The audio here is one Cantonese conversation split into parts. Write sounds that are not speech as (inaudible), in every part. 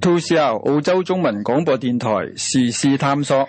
主持人： (music) 澳洲中文廣播電台，時事探索。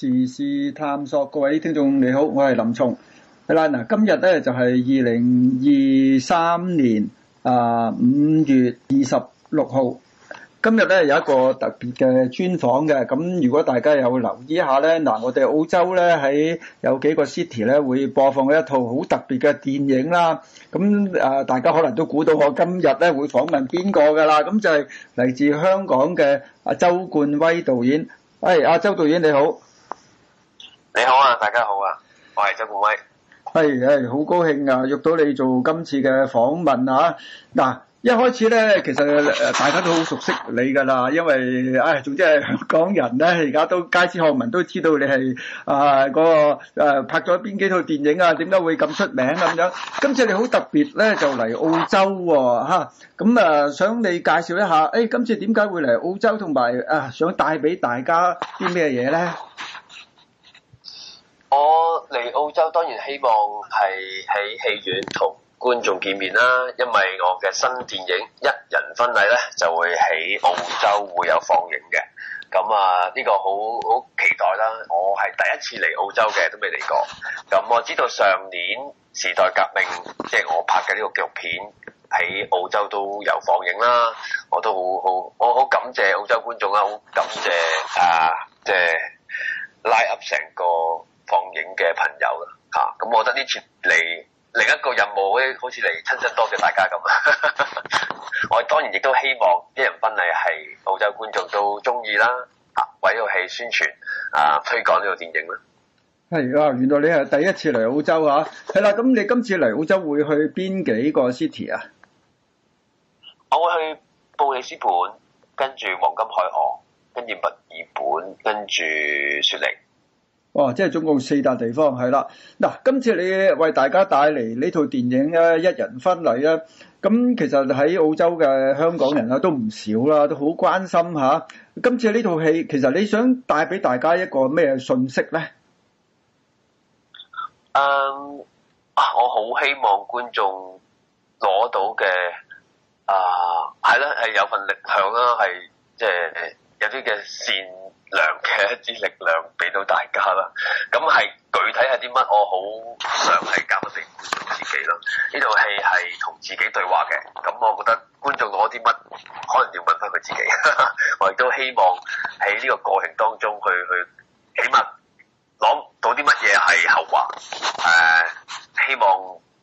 時事探索，各位聽眾你好，我係林松嗱。嗱，今日咧就係二零二三年啊五月二十六號。今日咧有一個特別嘅專訪嘅。咁如果大家有留意下咧嗱，我哋澳洲咧喺有幾個 city 咧會播放一套好特別嘅電影啦。咁啊，大家可能都估到我今日咧會訪問邊個㗎啦？咁就係嚟自香港嘅阿周冠威導演。喂，阿周導演你好。你好啊，大家好啊，我係周冠威，係，係好高興啊，約到你做今次嘅訪問啊！嗱，一開始咧，其實誒，大家都好熟悉你噶啦，因為唉，總之係香港人咧，而家都街知巷聞都知道你係啊，嗰個誒拍咗邊幾套電影啊，點解會咁出名咁樣？今次你好特別咧，就嚟澳洲喎，吓咁啊，想你介紹一下，誒，今次點解會嚟澳洲，同埋啊，想帶俾大家啲咩嘢咧？我嚟澳洲當然希望係喺戲院同觀眾見面啦，因為我嘅新電影《一人婚禮》呢，就會喺澳洲會有放映嘅。咁啊，呢個好好期待啦！我係第一次嚟澳洲嘅，都未嚟過。咁我知道上年《時代革命》即係我拍嘅呢個紀錄片喺澳洲都有放映啦，我都好好我好感謝澳洲觀眾啦，好感謝啊，即係拉 Up 成個。放映嘅朋友啦，嚇、啊、咁，我覺得呢次嚟另一個任務，好似嚟親身多謝大家咁。 (laughs) 我當然亦都希望一人婚禮係澳洲觀眾都中意啦。啊，為呢部戲宣傳啊，推廣呢部電影啦。啊，原來你係第一次嚟澳洲啊？係啦。咁你今次嚟澳洲會去邊幾個 city 啊？我會去布里斯本，跟住黃金海岸，跟住墨爾本，跟住雪梨。哇！即係總共四大地方係啦。嗱，今次你為大家帶嚟呢套電影咧，《一人婚禮》咧，咁其實喺澳洲嘅香港人咧都唔少啦，都好關心吓。今次呢套戲，其實你想帶俾大家一個咩信息咧？嗯，我好希望觀眾攞到嘅啊，係啦，係有份力量啦，係即係有啲嘅善。量嘅一啲力量俾到大家啦，咁係具體係啲乜？我好想係交俾自己咯。呢套戲係同自己對話嘅，咁我覺得觀眾攞啲乜，可能要問翻佢自己。 (laughs) 我亦都希望喺呢個過程當中，去去起碼攞到啲乜嘢係後話。誒、呃，希望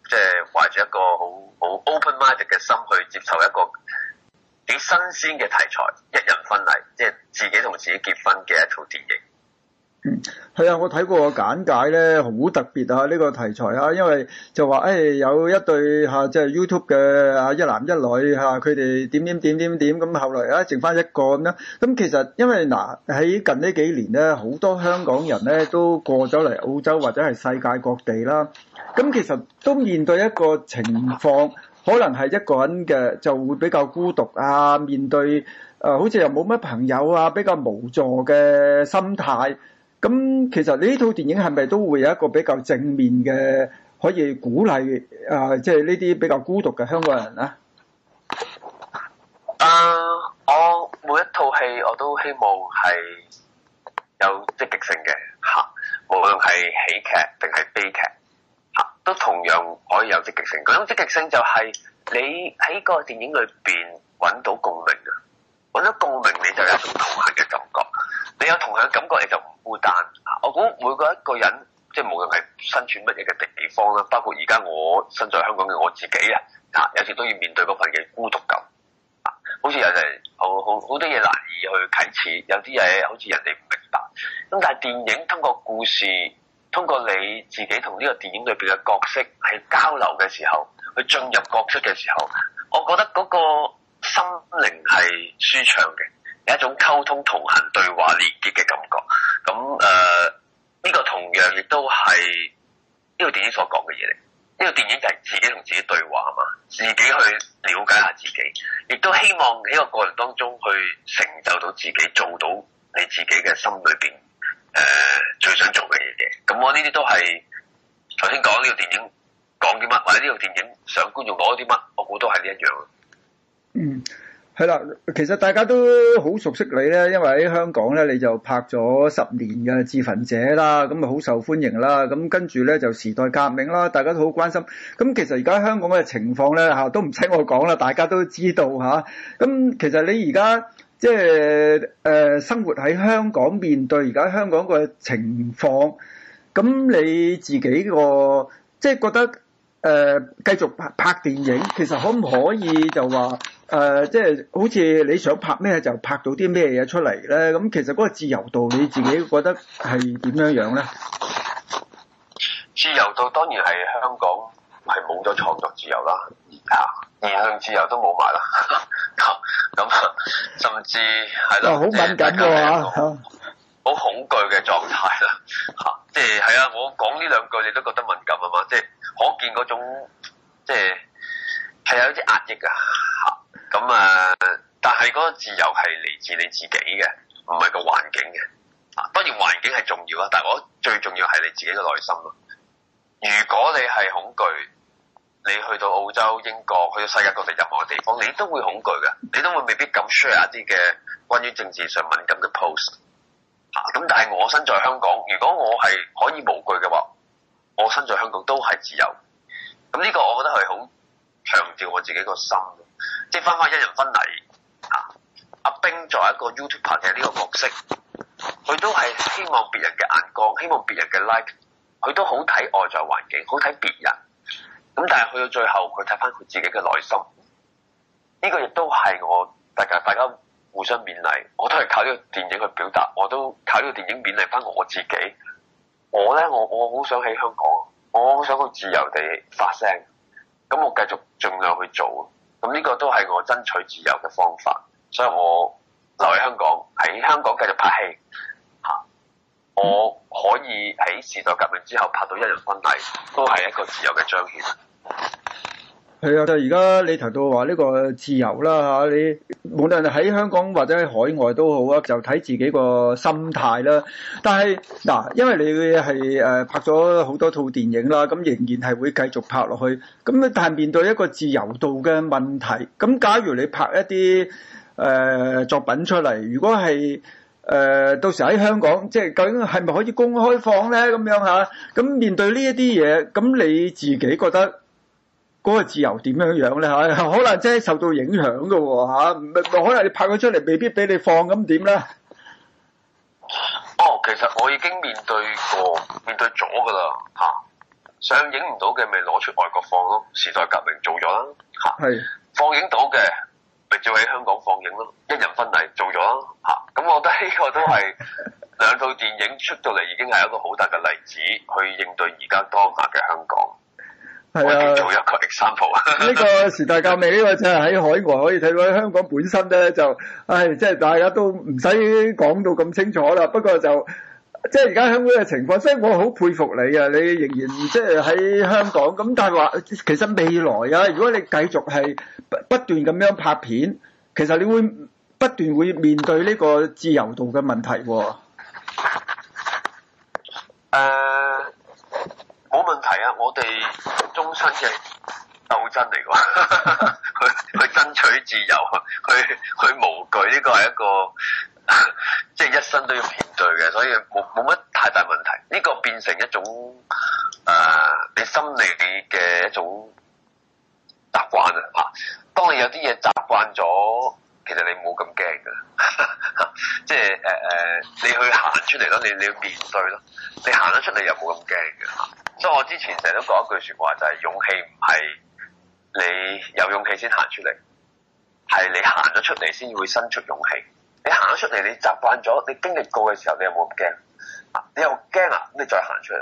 即係懷住一個好好 open mind 嘅心去接受一個。幾新鮮嘅題材，一人婚禮，即、就、係、是、自己同自己結婚嘅一套電影。嗯，係啊，我睇過個簡介咧，好特別啊。呢、這個題材啊，因為就話誒、哎、有一對嚇，即、啊、係、就是、YouTube 嘅一男一女嚇，佢、啊、哋點點點點點咁、嗯，後來啊剩返一個啦、啊。咁、嗯、其實因為嗱喺、啊、近呢幾年咧，好多香港人咧都過咗嚟澳洲或者係世界各地啦。咁、嗯、其實都面對一個情況。可能係一個人嘅就會比較孤獨啊，面對誒，好似又冇乜朋友啊，比較無助嘅心態。咁其實呢套電影係咪都會有一個比較正面嘅可以鼓勵啊，即係呢啲比較孤獨嘅香港人咧？誒，我每一套戲我都希望係有積極性嘅嚇，無論係喜劇定係悲劇。都同樣可以有積極性。嗰種積極性就係你喺個電影裏邊揾到共鳴啊，揾到共鳴你就有一種同行嘅感覺。你有同樣嘅感覺你就唔孤單。我估每個一個人，即係無論係身處乜嘢嘅地方啦，包括而家我身在香港嘅我自己啊，啊有時都要面對嗰份嘅孤獨感。啊，好似有人好好好多嘢難以去啟齒，有啲嘢好似人哋唔明白。咁但係電影通過故事，通過你自己同呢個電影裏邊嘅角色係交流嘅時候，去進入角色嘅時候，我覺得嗰個心靈係舒暢嘅，有一種溝通、同行、對話、連結嘅感覺，咁誒呢個同樣亦都係呢個電影所講嘅嘢嚟。呢個電影就係自己同自己對話啊嘛，自己去了解下自己，亦都希望喺個過程當中去成就到自己，做到你自己嘅心裏邊。誒、呃，最想做嘅嘢嘅，咁我呢啲都係頭先講呢套電影講啲乜，或者呢套電影想觀眾攞啲乜，我估都係呢一樣。嗯，係啦，其實大家都好熟悉你咧，因為喺香港咧，你就拍咗十年嘅《自焚者》啦，咁啊好受歡迎啦，咁跟住咧就《時代革命》啦，大家都好關心。咁其實而家香港嘅情況咧吓，都唔使我講啦，大家都知道吓。咁、啊、其實你而家。即係誒生活喺香港，面對而家香港個情況，咁你自己個即係、就是、覺得誒繼、呃、續拍拍電影，其實可唔可以就話誒即係好似你想拍咩就拍到啲咩嘢出嚟咧？咁其實嗰個自由度你自己覺得係點樣樣咧？自由度當然係香港係冇咗創作自由啦。言論自由都冇埋啦，咁 (laughs) 甚至係啦，好、哦、敏感嘅吓，好、哦、恐懼嘅狀態啊，吓、 (laughs) 就是，即係係啊，我講呢兩句你都覺得敏感吖嘛？即、就、係、是、可見嗰種即係係有啲壓抑㗎，吓，咁啊，但係嗰個自由係嚟自你自己嘅，唔係個環境嘅，啊， (laughs) 當然環境係重要啦，但係我最重要係你自己嘅內心咯。 (laughs) 如果你係恐懼。你去到澳洲、英國，去到世界各地任何地方，你都會恐懼嘅，你都會未必敢 share 一啲嘅關於政治上敏感嘅 post 嚇。咁、啊、但係我身在香港，如果我係可以無懼嘅話，我身在香港都係自由。咁、啊、呢、這個我覺得係好強調我自己個心，即係翻返一人婚禮嚇。阿、啊、冰作為一個 YouTuber 嘅呢個角色，佢都係希望別人嘅眼光，希望別人嘅 like，佢都好睇外在環境，好睇別人。咁但係去到最後，佢睇翻佢自己嘅內心，呢個亦都係我大家大家互相勉勵，我都係靠呢個電影去表達，我都靠呢個電影勉勵翻我自己。我咧，我我好想喺香港，我好想好自由地發聲。咁我繼續盡量去做，咁呢個都係我爭取自由嘅方法。所以我留喺香港，喺香港繼續拍戲吓，我可以喺時代革命之後拍到一人婚禮，都係一個自由嘅彰顯。係啊，就而家你提到話呢個自由啦吓，你無論喺香港或者喺海外都好啊，就睇自己個心態啦。但係嗱，因為你會係誒拍咗好多套電影啦，咁仍然係會繼續拍落去。咁但係面對一個自由度嘅問題，咁假如你拍一啲誒作品出嚟，如果係誒到時喺香港，即係究竟係咪可以公開放咧？咁樣吓，咁面對呢一啲嘢，咁你自己覺得？嗰個自由點樣樣咧嚇？可能真係受到影響嘅喎嚇，可能你拍咗出嚟，未必俾你放咁點咧？呢哦，其實我已經面對過、面對咗嘅啦嚇。上映唔到嘅咪攞出外國放咯，《時代革命》做咗啦嚇。係是。放映到嘅咪照喺香港放映咯，《一人婚禮》做咗嚇。咁、嗯、我覺得呢個都係 (laughs) 兩套電影出到嚟已經係一個好大嘅例子，去應對而家當下嘅香港。係啊，做一個億三鋪啊！呢 (laughs) 個時代革命，呢個就係、是、喺海外可以睇到。香港本身咧就，唉、哎，即、就、係、是、大家都唔使講到咁清楚啦。不過就，即係而家香港嘅情況，即係我好佩服你啊！你仍然即係喺香港咁，但係話其實未來啊，如果你繼續係不斷咁樣拍片，其實你會不斷會面對呢個自由度嘅問題喎、啊。誒，冇問題啊！我哋。終身嘅鬥爭嚟嘅， (laughs) 去去爭取自由，去去去無懼呢，這個係一個即係 (laughs) 一生都要面對嘅，所以冇冇乜太大問題。呢，這個變成一種誒、呃、你心理嘅一種習慣啊！當你有啲嘢習慣咗，其實你冇咁驚嘅，即係誒誒，你去行出嚟咯，你你要面對咯，你行得出嚟又冇咁驚嘅。所以、so, 我之前成日都講一句説話，就係、是、勇氣唔係你有勇氣先行出嚟，係你行咗出嚟先會伸出勇氣。你行咗出嚟，你習慣咗，你經歷過嘅時候，你有冇咁驚？你啊，你又驚啊，咁 (laughs) 你再行出嚟。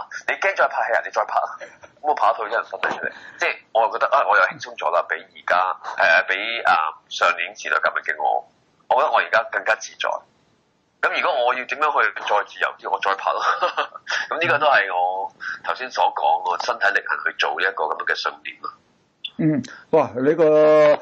啊，你驚再拍戲、啊，你再拍。咁 (laughs) 我拍一套一人婚禮出嚟，即係我又覺得啊，我又輕鬆咗啦，比而家誒比啊上年時代革命嘅我，我覺得我而家更加自在。咁如果我要點樣去再自由啲，我再拍咯。咁 (laughs) 呢個都係我頭先所講個身體力行去做一個咁樣嘅信念啊。嗯，哇！你個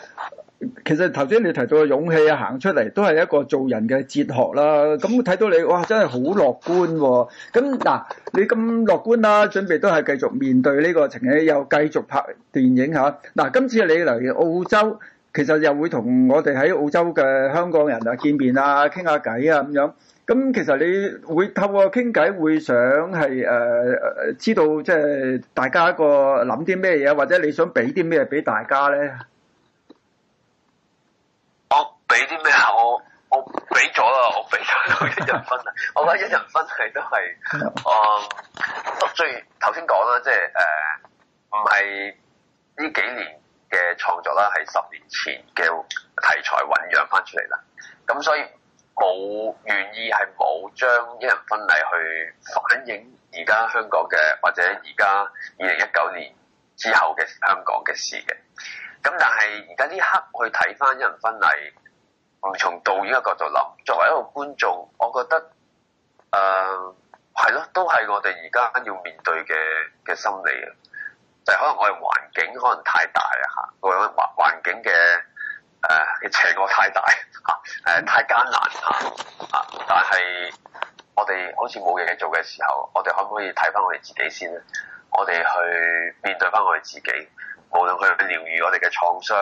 其實頭先你提到嘅勇氣啊，行出嚟都係一個做人嘅哲學啦。咁、嗯、睇到你哇，真係好樂觀喎、啊。咁嗱、啊，你咁樂觀啦、啊，準備都係繼續面對呢個情形，又繼續拍電影嚇、啊。嗱、啊，今次你嚟澳洲。其實又會同我哋喺澳洲嘅香港人啊，見面啊，傾下偈啊咁樣，咁、嗯、其實你會透過傾偈會想係誒、呃、知道即係大家個諗啲咩嘢，或者你想俾啲咩俾大家咧、啊？我俾啲咩啊？我我俾咗啦，我俾咗一人分啊！我覺得一人分係都係誒，最頭先講啦，即係誒唔係呢幾年。嘅創作啦，喺十年前嘅題材醖釀翻出嚟啦，咁所以冇願意係冇將《一人婚禮》去反映而家香港嘅或者而家二零一九年之後嘅香港嘅事嘅，咁但係而家呢刻去睇翻《一人婚禮》，唔從導演嘅角度諗，作為一個觀眾，我覺得誒係咯，都係我哋而家要面對嘅嘅心理啊。可能我哋環境可能太大喇，個環環境嘅誒嘅斜角太大嚇，誒、啊呃、太艱難嚇嚇、啊。但係我哋好似冇嘢做嘅時候，我哋可唔可以睇翻我哋自己先咧？我哋去面對翻我哋自己，無論佢哋療愈我哋嘅創傷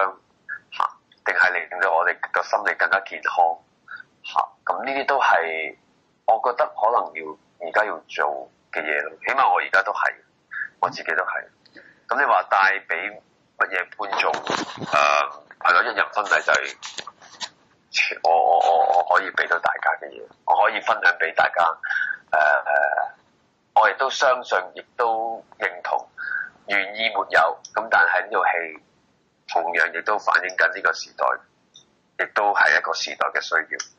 嚇，定、啊、係令到我哋個心理更加健康嚇。咁呢啲都係我覺得可能要而家要做嘅嘢咯。起碼我而家都係，我自己都係。咁、嗯、你話帶俾乜嘢觀眾？誒係咯，一人婚禮就係我我我我可以俾到大家嘅嘢，我可以分享俾大家。誒、呃、誒，我亦都相信，亦都認同，願意沒有。咁但係呢套戲同樣亦都反映緊呢個時代，亦都係一個時代嘅需要。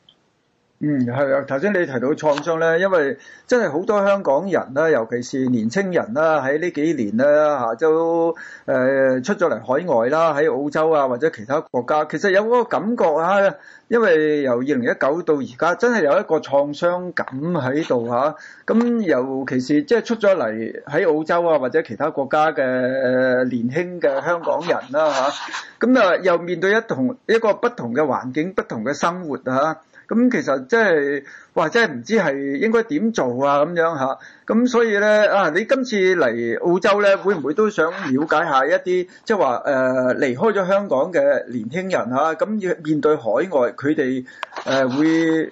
嗯，係啊！頭先你提到創傷咧，因為真係好多香港人啦，尤其是年青人啦，喺呢幾年啦嚇就誒出咗嚟海外啦，喺澳洲啊或者其他國家。其實有嗰個感覺啊，因為由二零一九到而家，真係有一個創傷感喺度嚇。咁尤其是即係出咗嚟喺澳洲啊或者其他國家嘅年輕嘅香港人啦嚇，咁啊又面對一同一個不同嘅環境、不同嘅生活啊。咁其實即係哇，真係唔知係應該點做啊咁樣吓。咁所以咧啊，你今次嚟澳洲咧，會唔會都想了解下一啲即係話誒離開咗香港嘅年輕人吓？咁要面對海外佢哋誒會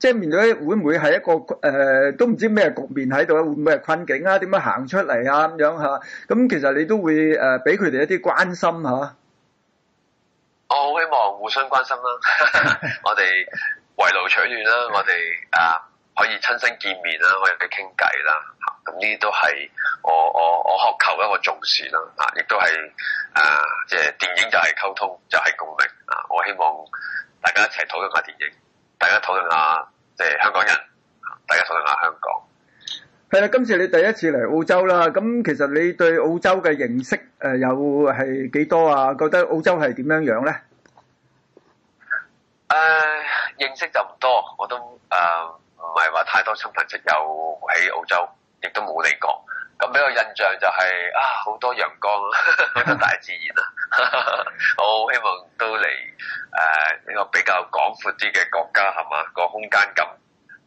即係面對會唔會係一個誒都唔知咩局面喺度啊？會唔會係困境啊？點樣行出嚟啊？咁樣吓。咁其實你都會誒俾佢哋一啲關心吓。我好希望互相關心啦，我哋。圍爐取暖啦，我哋啊可以親身見面啦，我哋嘅傾偈啦，咁呢啲都係我我我渴求一個重視啦，啊，亦都係誒，即係電影就係溝通，就係共鳴啊！我希望大家一齊討論下電影，大家討論下即係香港人，大家討論下香港。係啦，今次你第一次嚟澳洲啦，咁其實你對澳洲嘅認識誒有係幾多啊？覺得澳洲係點樣樣咧？誒，uh, 認識就唔多，我都誒唔係話太多親朋戚友喺澳洲，亦都冇嚟過。咁俾我印象就係、是、啊，好多陽光，好 (laughs) 多大自然啊！我好 (laughs) 希望都嚟誒呢個比較廣闊啲嘅國家，係嘛、那個空間感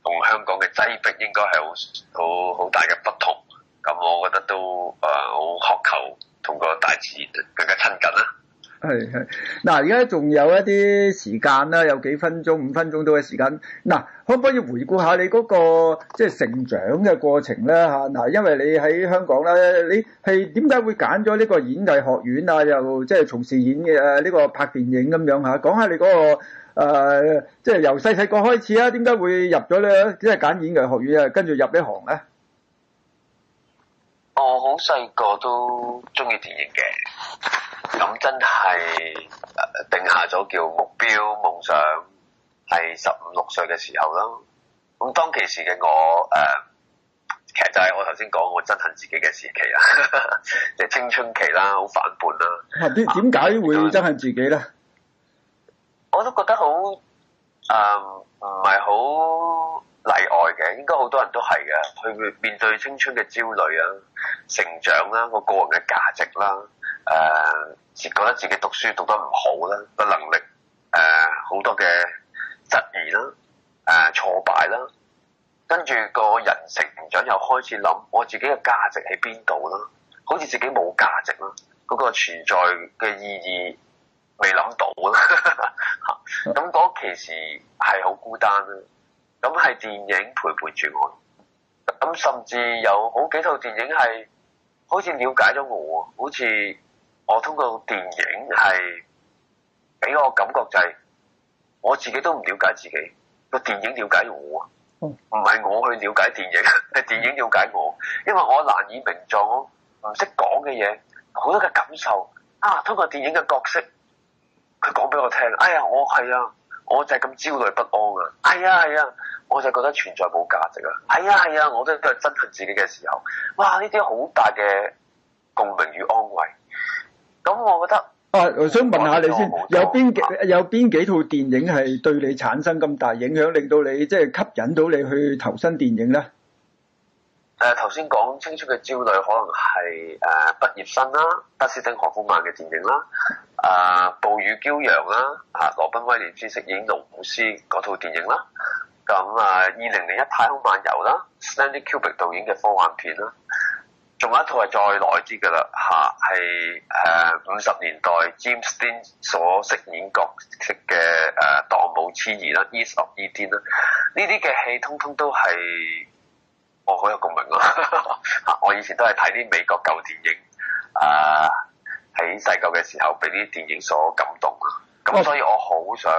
同香港嘅擠逼應該係好好好大嘅不同。咁我覺得都誒好渴求同個大自然更加親近啦。系係嗱，而家仲有一啲時間啦，有幾分鐘、五分鐘到嘅時間。嗱，可唔可以回顧下你嗰、那個即係、就是、成長嘅過程咧？嚇嗱，因為你喺香港咧，你係點解會揀咗呢個演藝學院啊？又即係從事演嘅呢、這個拍電影咁樣嚇？講下你嗰、那個即係、呃就是、由細細個開始啊？點解會入咗咧？即係揀演藝學院啊？跟住入呢行咧？我好細個都中意電影嘅。咁真係定下咗叫目標夢想，係十五六歲嘅時候咯。咁當其時嘅我誒、呃，其實就係我頭先講我憎恨自己嘅時期啊，即 (laughs) 係青春期啦，好反叛啦。點點解會憎恨自己咧？我都覺得好誒，唔係好。例外嘅，應該好多人都係嘅。去面對青春嘅焦慮啊、成長啦、個個人嘅價值啦、誒、呃，覺得自己讀書讀得唔好啦、個能力誒好、呃、多嘅質疑啦、誒、呃、挫敗啦，跟住個人成長又開始諗我自己嘅價值喺邊度啦，好似自己冇價值啦，嗰、那個存在嘅意義未諗到啦，咁嗰其時係好孤單啦。咁係電影陪伴住我，咁甚至有好幾套電影係，好似了解咗我，好似我通過電影係俾我感覺就係，我自己都唔了解自己，個電影了解我，唔係我去了解電影，係電影了解我，因為我難以名狀咯，唔識講嘅嘢，好多嘅感受啊，通過電影嘅角色，佢講俾我聽，哎呀，我係啊。我就係咁焦慮不安啊！係啊係啊，我就覺得存在冇價值啊！係啊係啊，我都都係憎恨自己嘅時候。哇！呢啲好大嘅共鳴與安慰。咁，嗯，我覺得啊，我想問問下你先，有邊幾有邊幾套電影係對你產生咁大影響，令到你即係吸引到你去投身電影咧？誒，頭先講青春嘅焦慮，可能係誒畢業生啦，德斯汀荷夫曼嘅電影啦，啊暴雨驕陽啦，吓羅賓威廉斯飾演農夫師嗰套電影啦，咁啊二零零一太空漫遊啦，Stanley Kubrick 導演嘅科幻片啦，仲有一套係再耐啲嘅啦，吓係誒五十年代 James Dean 所飾演角色嘅誒蕩舞痴兒啦 Yeah.，East of Eden 啦，呢啲嘅戲通通都係。我好有共鳴啊！ (laughs) 我以前都係睇啲美國舊電影，啊喺細舊嘅時候俾啲電影所感動啊！咁所以我好想、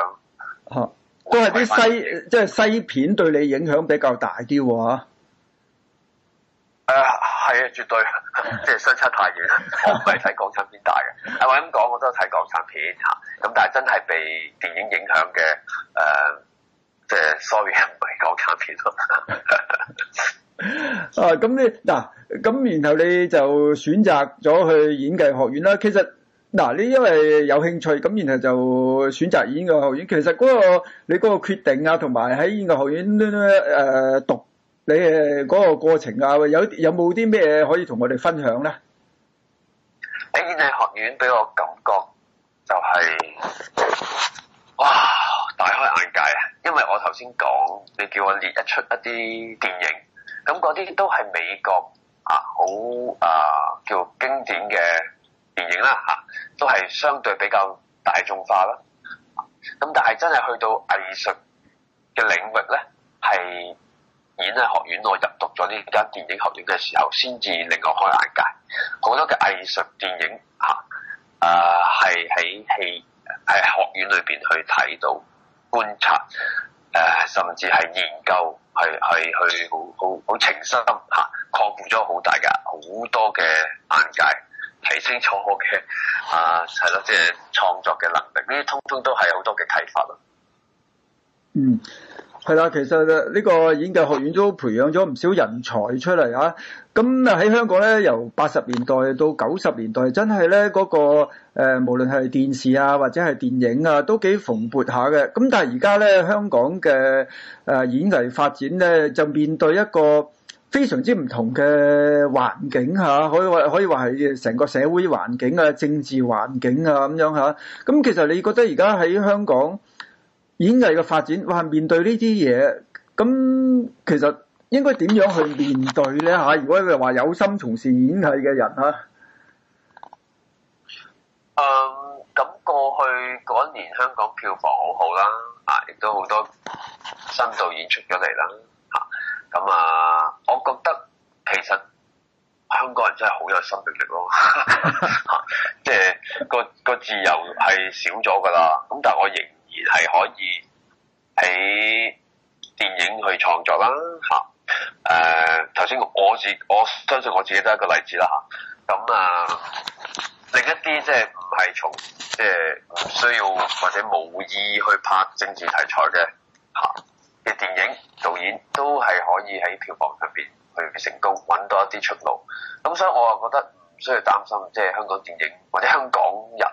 啊、都係啲西即係、就是、西片對你影響比較大啲喎嚇。係啊，絕對即係、就是、相差太遠啦！ (laughs) 我唔係睇港產片大嘅，係我咁講？我都係睇港產片嚇。咁、啊、但係真係被電影影響嘅誒，即、啊、係、就是、sorry 唔係港產片啦。啊 (laughs) 啊，咁你嗱，咁、啊、然後你就選擇咗去演藝學院啦。其實嗱、啊，你因為有興趣，咁然後就選擇演藝學院。其實嗰、那個你嗰個決定啊，同埋喺演藝學院咧咧誒讀你誒嗰個過程啊，有有冇啲咩可以同我哋分享咧？喺演藝學院俾我感覺就係、是、哇大開眼界啊！因為我頭先講你叫我列得出一啲電影。咁嗰啲都係美國啊，好啊叫經典嘅電影啦嚇、啊，都係相對比較大眾化啦。咁、啊、但係真係去到藝術嘅領域咧，係演藝學院我入讀咗呢間電影學院嘅時候，先至令我開眼界。好多嘅藝術電影嚇啊，係、啊、喺戲係學院裏邊去睇到觀察，誒、啊、甚至係研究。係係去好好好情深嚇、啊，擴闊咗好大嘅好多嘅眼界，提升咗我嘅啊係咯，即係、啊就是、創作嘅能力，呢啲通通都係好多嘅啟發咯。嗯，係啦、啊，其實呢個演藝學院都培養咗唔少人才出嚟嚇。啊咁啊喺香港咧，由八十年代到九十年代，真係咧嗰個誒，無論係電視啊，或者係電影啊，都幾蓬勃下嘅。咁但係而家咧，香港嘅誒演藝發展咧，就面對一個非常之唔同嘅環境嚇。可以話可以話係成個社會環境啊、政治環境啊咁樣嚇。咁其實你覺得而家喺香港演藝嘅發展，哇！面對呢啲嘢，咁其實～應該點樣去面對咧吓？如果佢話有心從事演藝嘅人吓、啊，誒、嗯，咁過去嗰一年香港票房好好啦，啊，亦都好多新導演出咗嚟啦，吓、啊，咁啊，我覺得其實香港人真係好有生命力咯、 (laughs) (laughs) 就是，即係個個自由係少咗噶啦，咁但係我仍然係可以喺電影去創作啦，吓、啊。誒，頭先、呃、我自我相信我自己都係一個例子啦吓，咁啊，另一啲即係唔係從即係唔需要或者無意去拍政治題材嘅吓嘅電影導演，都係可以喺票房上邊去成功揾到一啲出路。咁所以我又覺得唔需要擔心，即係香港電影或者香港人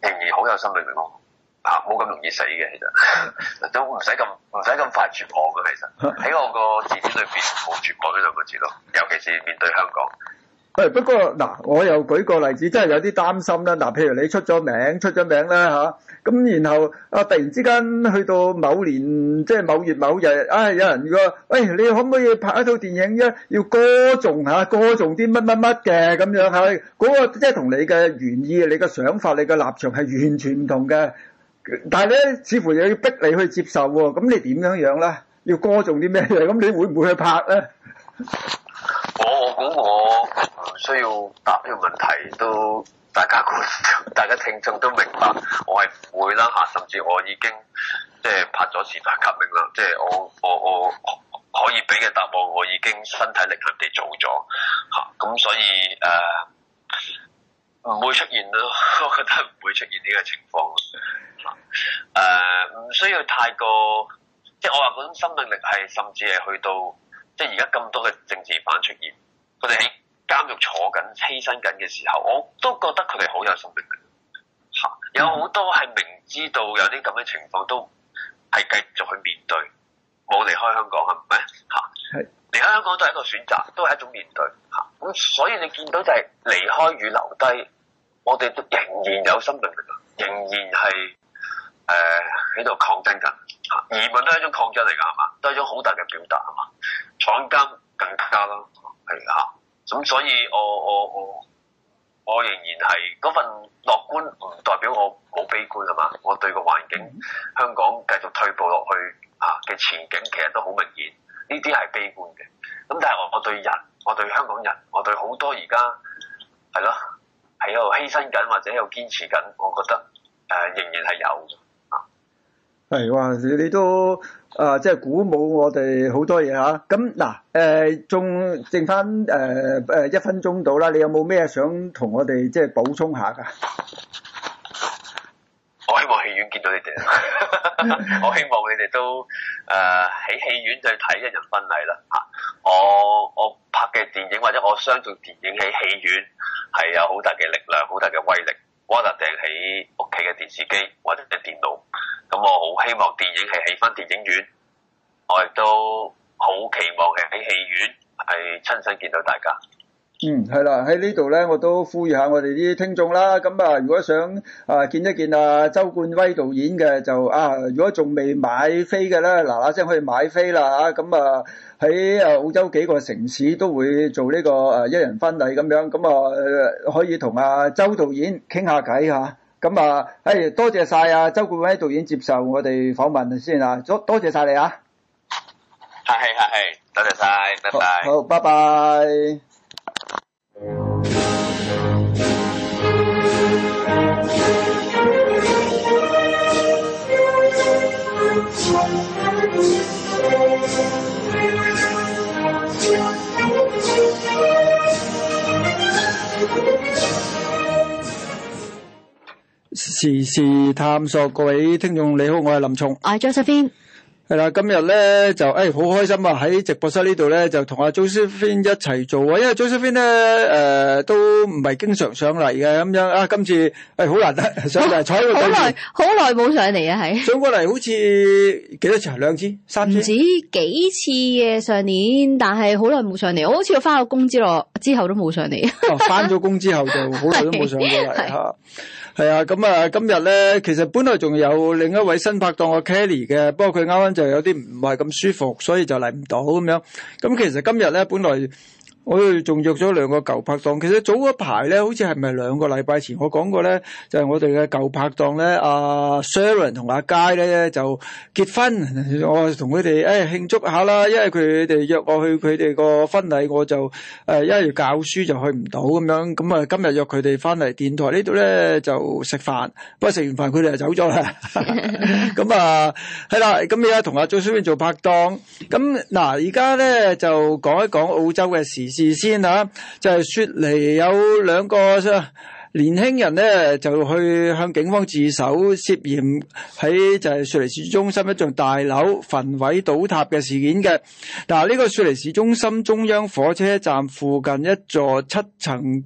仍然好有心力嘅。啊，冇咁容易死嘅，其實都唔使咁唔使咁快絕望嘅。其實喺我個字典裏邊冇絕望呢兩個字咯。尤其是面對香港誒。不過嗱、啊，我又舉個例子，真係有啲擔心啦。嗱、啊，譬如你出咗名，出咗名啦吓，咁、啊、然後啊，突然之間去到某年即係某月某日，啊、哎，有人如果喂你可唔可以拍一套電影呀要歌頌吓，歌頌啲乜乜乜嘅咁樣吓，嗰、啊那個即係同你嘅原意、你嘅想法、你嘅立場係完全唔同嘅。但係咧，似乎又要逼你去接受喎、哦，咁你點樣樣咧？要歌頌啲咩嘢？咁你會唔會去拍咧？我估我唔需要答呢個問題都，都大家觀大家聽眾都明白，我係唔會啦嚇。甚至我已經即係、就是、拍咗《時代革命》啦、就是，即係我我我可以俾嘅答案，我已經身體力行地做咗嚇。咁、啊、所以誒。呃唔會出現咯，我覺得唔會出現呢個情況。誒、啊，唔需要太過，即係我話嗰種生命力係甚至係去到，即係而家咁多嘅政治犯出現，佢哋喺監獄坐緊、犧牲緊嘅時候，我都覺得佢哋好有生命力。嚇、啊，有好多係明知道有啲咁嘅情況，都係繼續去面對，冇離開香港係咪？嚇，係、啊、是離開香港都係一個選擇，都係一種面對。嚇、啊，咁所以你見到就係離開與留低。我哋都仍然有生命力啊，仍然係誒喺度抗爭緊。移民都係一種抗爭嚟噶，係嘛，都係一種好大嘅表達，係嘛。廠監更加咯，係啊。咁所以我我我我仍然係嗰份樂觀，唔代表我冇悲觀，啊嘛。我對個環境，香港繼續退步落去啊嘅前景，其實都好明顯。呢啲係悲觀嘅。咁但係我我對人，我對香港人，我對好多而家係咯。係有犧牲緊，或者有堅持緊，我覺得誒、呃、仍然係有啊。係哇，你都誒即係鼓舞我哋好多嘢嚇。咁嗱誒，仲、啊呃、剩翻誒誒一分鐘到啦。你有冇咩想同我哋即係補充下噶？我希望戲院見到你哋， (laughs) 我希望你哋都誒喺戲院就睇一人婚禮啦吓。我我拍嘅電影或者我相信電影喺戲院係有好大嘅力量、好大嘅威力，我哋掟喺屋企嘅電視機或者係電腦。咁我好希望電影係起翻電影院，我亦都好期望係喺戲院係親身見到大家。嗯，係啦，喺呢度咧，我都呼籲下我哋啲聽眾啦。咁啊，如果想啊見一見啊周冠威導演嘅，就啊，如果仲未買飛嘅咧，嗱嗱聲可以買飛啦吓。咁啊，喺啊澳洲幾個城市都會做呢個誒一人婚禮咁樣。咁啊，可以同啊周導演傾下偈吓。咁啊，係多謝晒啊周冠威導演接受我哋訪問先啊。咁多謝晒你啊。係係，多謝晒，拜拜。好，拜拜。時事探索，各位聽眾你好，我係林松。阿 Josephine 係啦，今日咧就誒好、欸、開心啊！喺直播室呢度咧就同阿 Josephine 一齊做啊，因為 Josephine 誒都唔係經常上嚟嘅咁樣啊，今次誒、欸、好難得上嚟。好耐，好耐冇上嚟啊，係上過嚟好似幾多次，兩次、三次，唔止幾次嘅，上年，但係好耐冇上嚟。我好似翻咗工之咯，之後都冇上嚟。翻 (laughs) 咗、哦、工之後就好耐都冇上過嚟吓。 (laughs) 是是係啊，咁、嗯、啊，今日咧，其實本來仲有另一位新拍檔阿 Kelly 嘅，不過佢啱啱就有啲唔係咁舒服，所以就嚟唔到咁樣。咁、嗯、其實今日咧，本來，我哋仲約咗兩個舊拍檔，其實早一排咧，好似係咪兩個禮拜前我講過咧，就係、是、我哋嘅舊拍檔咧，阿、啊、Sharon 同阿佳咧就結婚，我同佢哋誒慶祝下啦，因為佢哋約我去佢哋個婚禮，我就誒一係教書就去唔到咁樣，咁、嗯、啊今日約佢哋翻嚟電台呢度咧就食飯，不過食完飯佢哋就走咗、 (laughs) 嗯啊、啦，咁啊係啦，咁你啊，同阿鍾書邊做拍檔，咁嗱而家咧就講一講澳洲嘅事。事先嚇、啊，就係、是、雪梨有兩個、啊、年輕人咧，就去向警方自首，涉嫌喺就係雪梨市中心一座大樓焚毀倒塌嘅事件嘅。嗱、啊，呢、這個雪梨市中心中央火車站附近一座七層。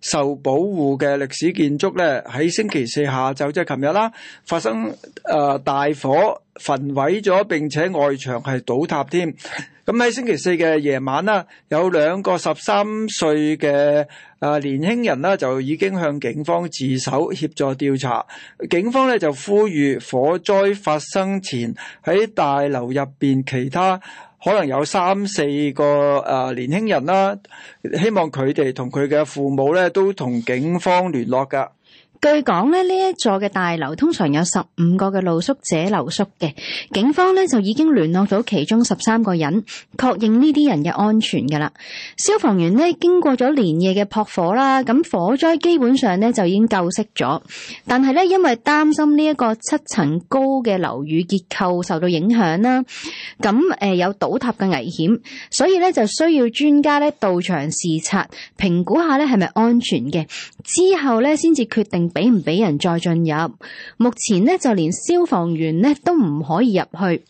受保護嘅歷史建築咧，喺星期四下晝即係琴日啦，發生誒、呃、大火焚毀咗，並且外牆係倒塌添。咁、嗯、喺星期四嘅夜晚啦，有兩個十三歲嘅啊、呃、年輕人呢，就已經向警方自首協助調查。警方咧就呼籲火災發生前喺大樓入邊其他。可能有三四個誒、呃、年輕人啦，希望佢哋同佢嘅父母咧都同警方聯絡噶。據講咧，呢一座嘅大樓通常有十五個嘅露宿者留宿嘅，警方咧就已經聯絡到其中十三個人，確認呢啲人嘅安全噶啦。消防員呢，經過咗連夜嘅撲火啦，咁火災基本上呢，就已經救熄咗。但係呢，因為擔心呢一個七層高嘅樓宇結構受到影響啦，咁誒有倒塌嘅危險，所以呢，就需要專家呢，到場視察，評估下呢係咪安全嘅。之後咧，先至決定俾唔俾人再進入。目前呢，就連消防員呢都唔可以入去。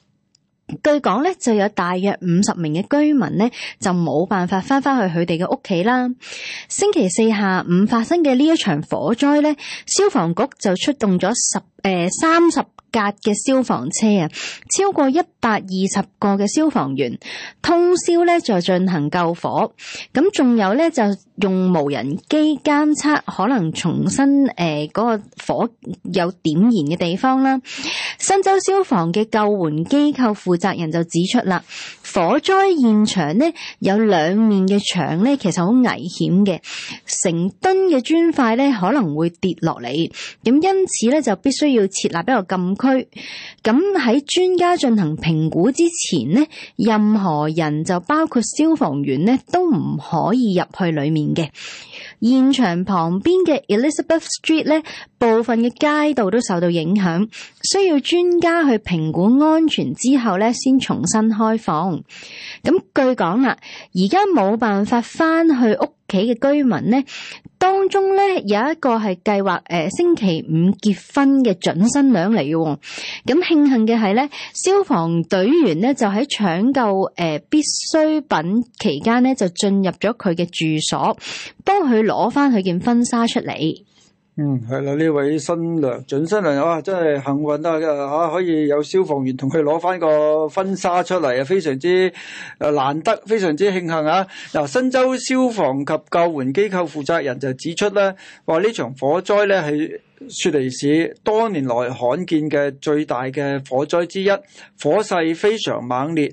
據講呢，就有大約五十名嘅居民呢就冇辦法翻返去佢哋嘅屋企啦。星期四下午發生嘅呢一場火災呢，消防局就出動咗十誒，三十架嘅消防車啊，超過一百二十個嘅消防員通宵咧就進行救火，咁仲有咧就用無人機監測可能重新誒、呃嗰個火有點燃嘅地方啦。新州消防嘅救援機構負責人就指出啦，火災現場咧有兩面嘅牆咧，其實好危險嘅，成噸嘅磚塊咧可能會跌落嚟，咁因此咧就必須。需要設立一個禁區，咁喺專家進行評估之前呢，任何人就包括消防員呢，都唔可以入去裏面嘅。現場旁邊嘅 Elizabeth Street 呢，部分嘅街道都受到影響，需要專家去評估安全之後呢，先重新開放。咁據講啦，而家冇辦法翻去屋企嘅居民呢，當中呢，有一個係計劃誒、呃、星期五結婚嘅準新娘嚟嘅，咁慶幸嘅係呢，消防隊員呢，就喺搶救誒、呃、必需品期間呢，就進入咗佢嘅住所，幫佢攞返佢件婚紗出嚟。嗯，係啦，呢位新娘準新娘，哇，真係幸運啊！吓、啊、可以有消防員同佢攞翻個婚紗出嚟啊，非常之誒難得，非常之慶幸啊！嗱，新州消防及救援機構負責人就指出咧，話呢場火災咧係雪梨市多年來罕見嘅最大嘅火災之一，火勢非常猛烈。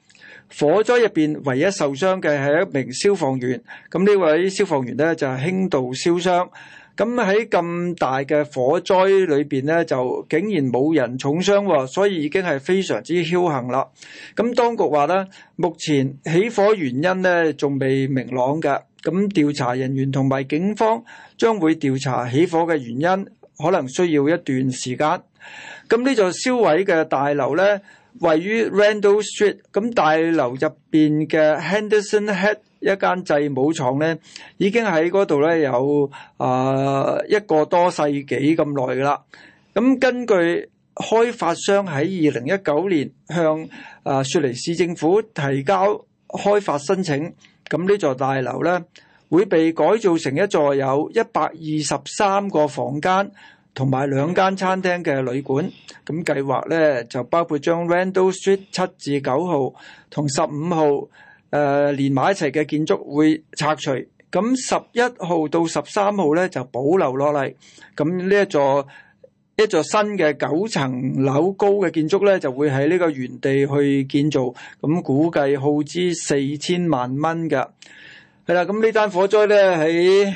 火災入邊唯一受傷嘅係一名消防員，咁呢位消防員咧就係輕度燒傷。咁喺咁大嘅火災裏邊咧，就竟然冇人重傷喎，所以已經係非常之僥倖啦。咁當局話咧，目前起火原因咧仲未明朗嘅，咁調查人員同埋警方將會調查起火嘅原因，可能需要一段時間。咁呢座燒毀嘅大樓咧，位於 Randall Street 咁大樓入邊嘅 Henderson Head 一間製帽廠咧，已經喺嗰度咧有啊、呃、一個多世紀咁耐㗎喇。咁根據開發商喺二零一九年向啊、呃、雪梨市政府提交開發申請，咁呢座大樓咧會被改造成一座有一百二十三個房間。同埋兩間餐廳嘅旅館，咁計劃咧就包括將 Randall Street 七至九號同十五號誒連埋一齊嘅建築會拆除，咁十一號到十三號咧就保留落嚟，咁呢一座一座新嘅九層樓高嘅建築咧就會喺呢個原地去建造，咁估計耗資四千萬蚊嘅，係啦，咁呢單火災咧喺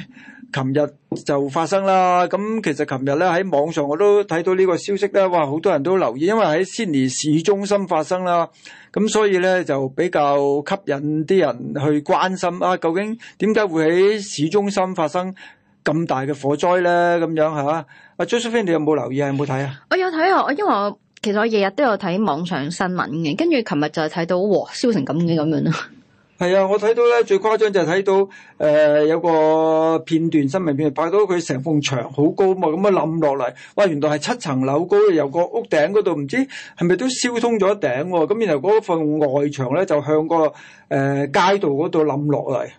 琴日就發生啦，咁其實琴日咧喺網上我都睇到呢個消息咧，哇好多人都留意，因為喺悉尼市中心發生啦，咁所以咧就比較吸引啲人去關心啊，究竟點解會喺市中心發生咁大嘅火災咧？咁樣係嘛？啊，Josephine，你有冇留意啊？有冇睇啊？我有睇啊，我因為我其實我日日都有睇網上新聞嘅，跟住琴日就係睇到哇，燒成咁嘅咁樣啦。係啊，我睇到咧最誇張就係睇到誒、呃、有個片段新聞片，拍到佢成幅牆好高嘛，咁啊冧落嚟，哇，原來係七層樓高，由個屋頂嗰度唔知係咪都燒通咗頂喎，咁、嗯、然後嗰份外牆咧就向個誒、呃、街道嗰度冧落嚟。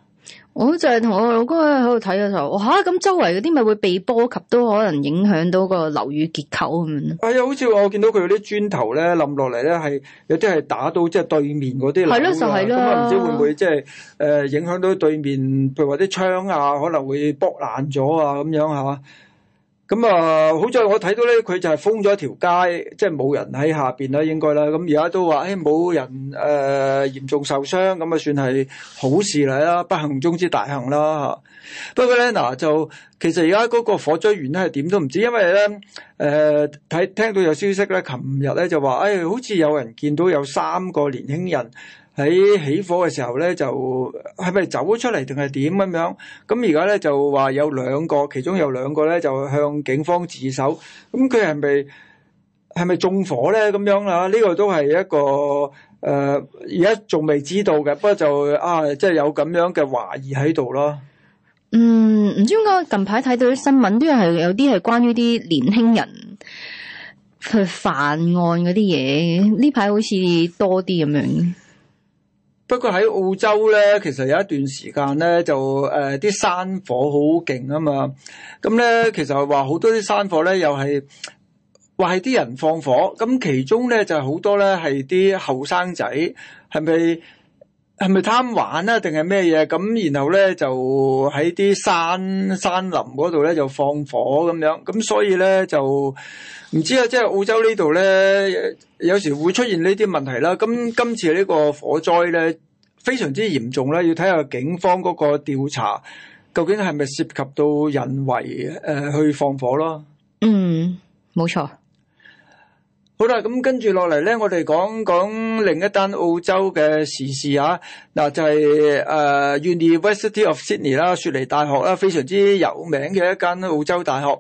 我就係同我老公喺度睇嘅時候，嚇咁周圍嗰啲咪會被波及，都可能影響到個樓宇結構咁樣。係啊，好似我見到佢啲磚頭咧冧落嚟咧，係有啲係打到即係、就是、對面嗰啲樓啊。係咯，就係、是、咯。咁啊、就是，唔知會唔會即係誒影響到對面，譬如話啲窗啊，可能會剝爛咗啊，咁樣係嘛。啊咁啊，嗯、好在我睇到咧，佢就係封咗條街，即係冇人喺下邊啦，應該啦。咁而家都話，誒、哎、冇人誒呃、嚴重受傷，咁啊算係好事嚟啦，不幸中之大幸啦吓。不過咧嗱，就其實而家嗰個火災原因係點都唔知，因為咧誒睇聽到有消息咧，琴日咧就話，誒、哎、好似有人見到有三個年輕人。喺起火嘅時候咧，就係咪走出嚟定係點咁樣？咁而家咧就話有兩個，其中有兩個咧就向警方自首。咁佢係咪係咪縱火咧？咁樣啦，呢個都係一個誒，而家仲未知道嘅。不過就啊，即係有咁樣嘅懷疑喺度咯。嗯，唔知點解近排睇到啲新聞，都係有啲係關於啲年輕人去犯案嗰啲嘢。呢排好似多啲咁樣。不過喺澳洲咧，其實有一段時間咧就誒啲、呃、山火好勁啊嘛，咁、嗯、咧其實話好多啲山火咧又係話係啲人放火，咁、嗯、其中咧就係、是、好多咧係啲後生仔，係咪？是係咪貪玩啊，定係咩嘢？咁然後咧就喺啲山山林嗰度咧就放火咁樣，咁所以咧就唔知啊，即係澳洲呢度咧有時會出現呢啲問題啦。咁今次呢個火災咧非常之嚴重啦，要睇下警方嗰個調查，究竟係咪涉及到人為誒去放火咯？嗯，冇錯。好啦，咁跟住落嚟咧，我哋講講另一單澳洲嘅時事啊，嗱就係、是、誒、uh, University of Sydney 啦，雪梨大學啦，非常之有名嘅一間澳洲大學。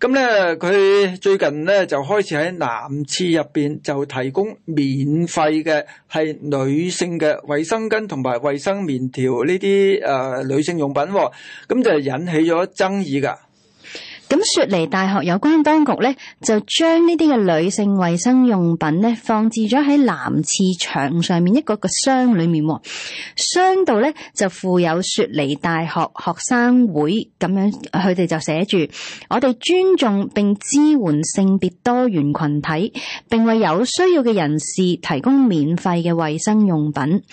咁咧，佢最近咧就開始喺男廁入邊，就提供免費嘅係女性嘅衛生巾同埋衛生棉條呢啲誒女性用品、哦，咁就引起咗爭議噶。咁雪梨大學有關當局咧，就將呢啲嘅女性衛生用品咧放置咗喺男廁牆上面一個個箱裏面，箱度咧就附有雪梨大學學生會咁樣，佢哋就寫住：我哋尊重並支援性別多元群體，並為有需要嘅人士提供免費嘅衛生用品。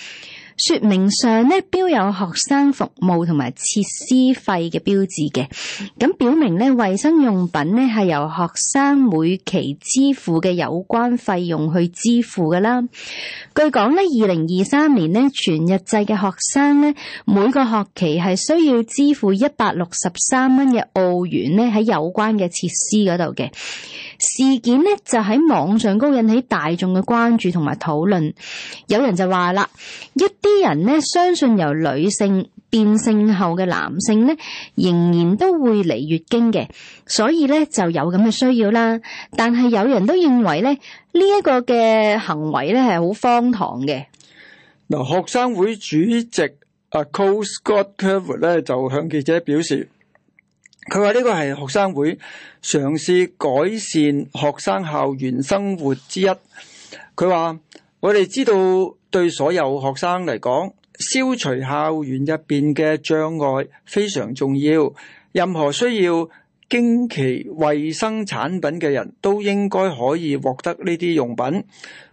說明上呢標有學生服務同埋設施費嘅標誌嘅，咁表明呢衛生用品呢係由學生每期支付嘅有關費用去支付㗎啦。據講呢，二零二三年呢全日制嘅學生呢，每個學期係需要支付一百六十三蚊嘅澳元呢喺有關嘅設施嗰度嘅。事件呢，就喺網上高引起大眾嘅關注同埋討論，有人就話啦，一啲人呢，相信由女性變性後嘅男性呢，仍然都會嚟月經嘅，所以呢，就有咁嘅需要啦。但係有人都認為呢，呢、這、一個嘅行為呢係好荒唐嘅。嗱，學生會主席阿 Co Scott Cooper 咧就向記者表示，佢話呢個係學生會嘗試改善學生校園生活之一。佢話我哋知道對所有學生嚟講，消除校園入邊嘅障礙非常重要。任何需要經期衛生產品嘅人都應該可以獲得呢啲用品。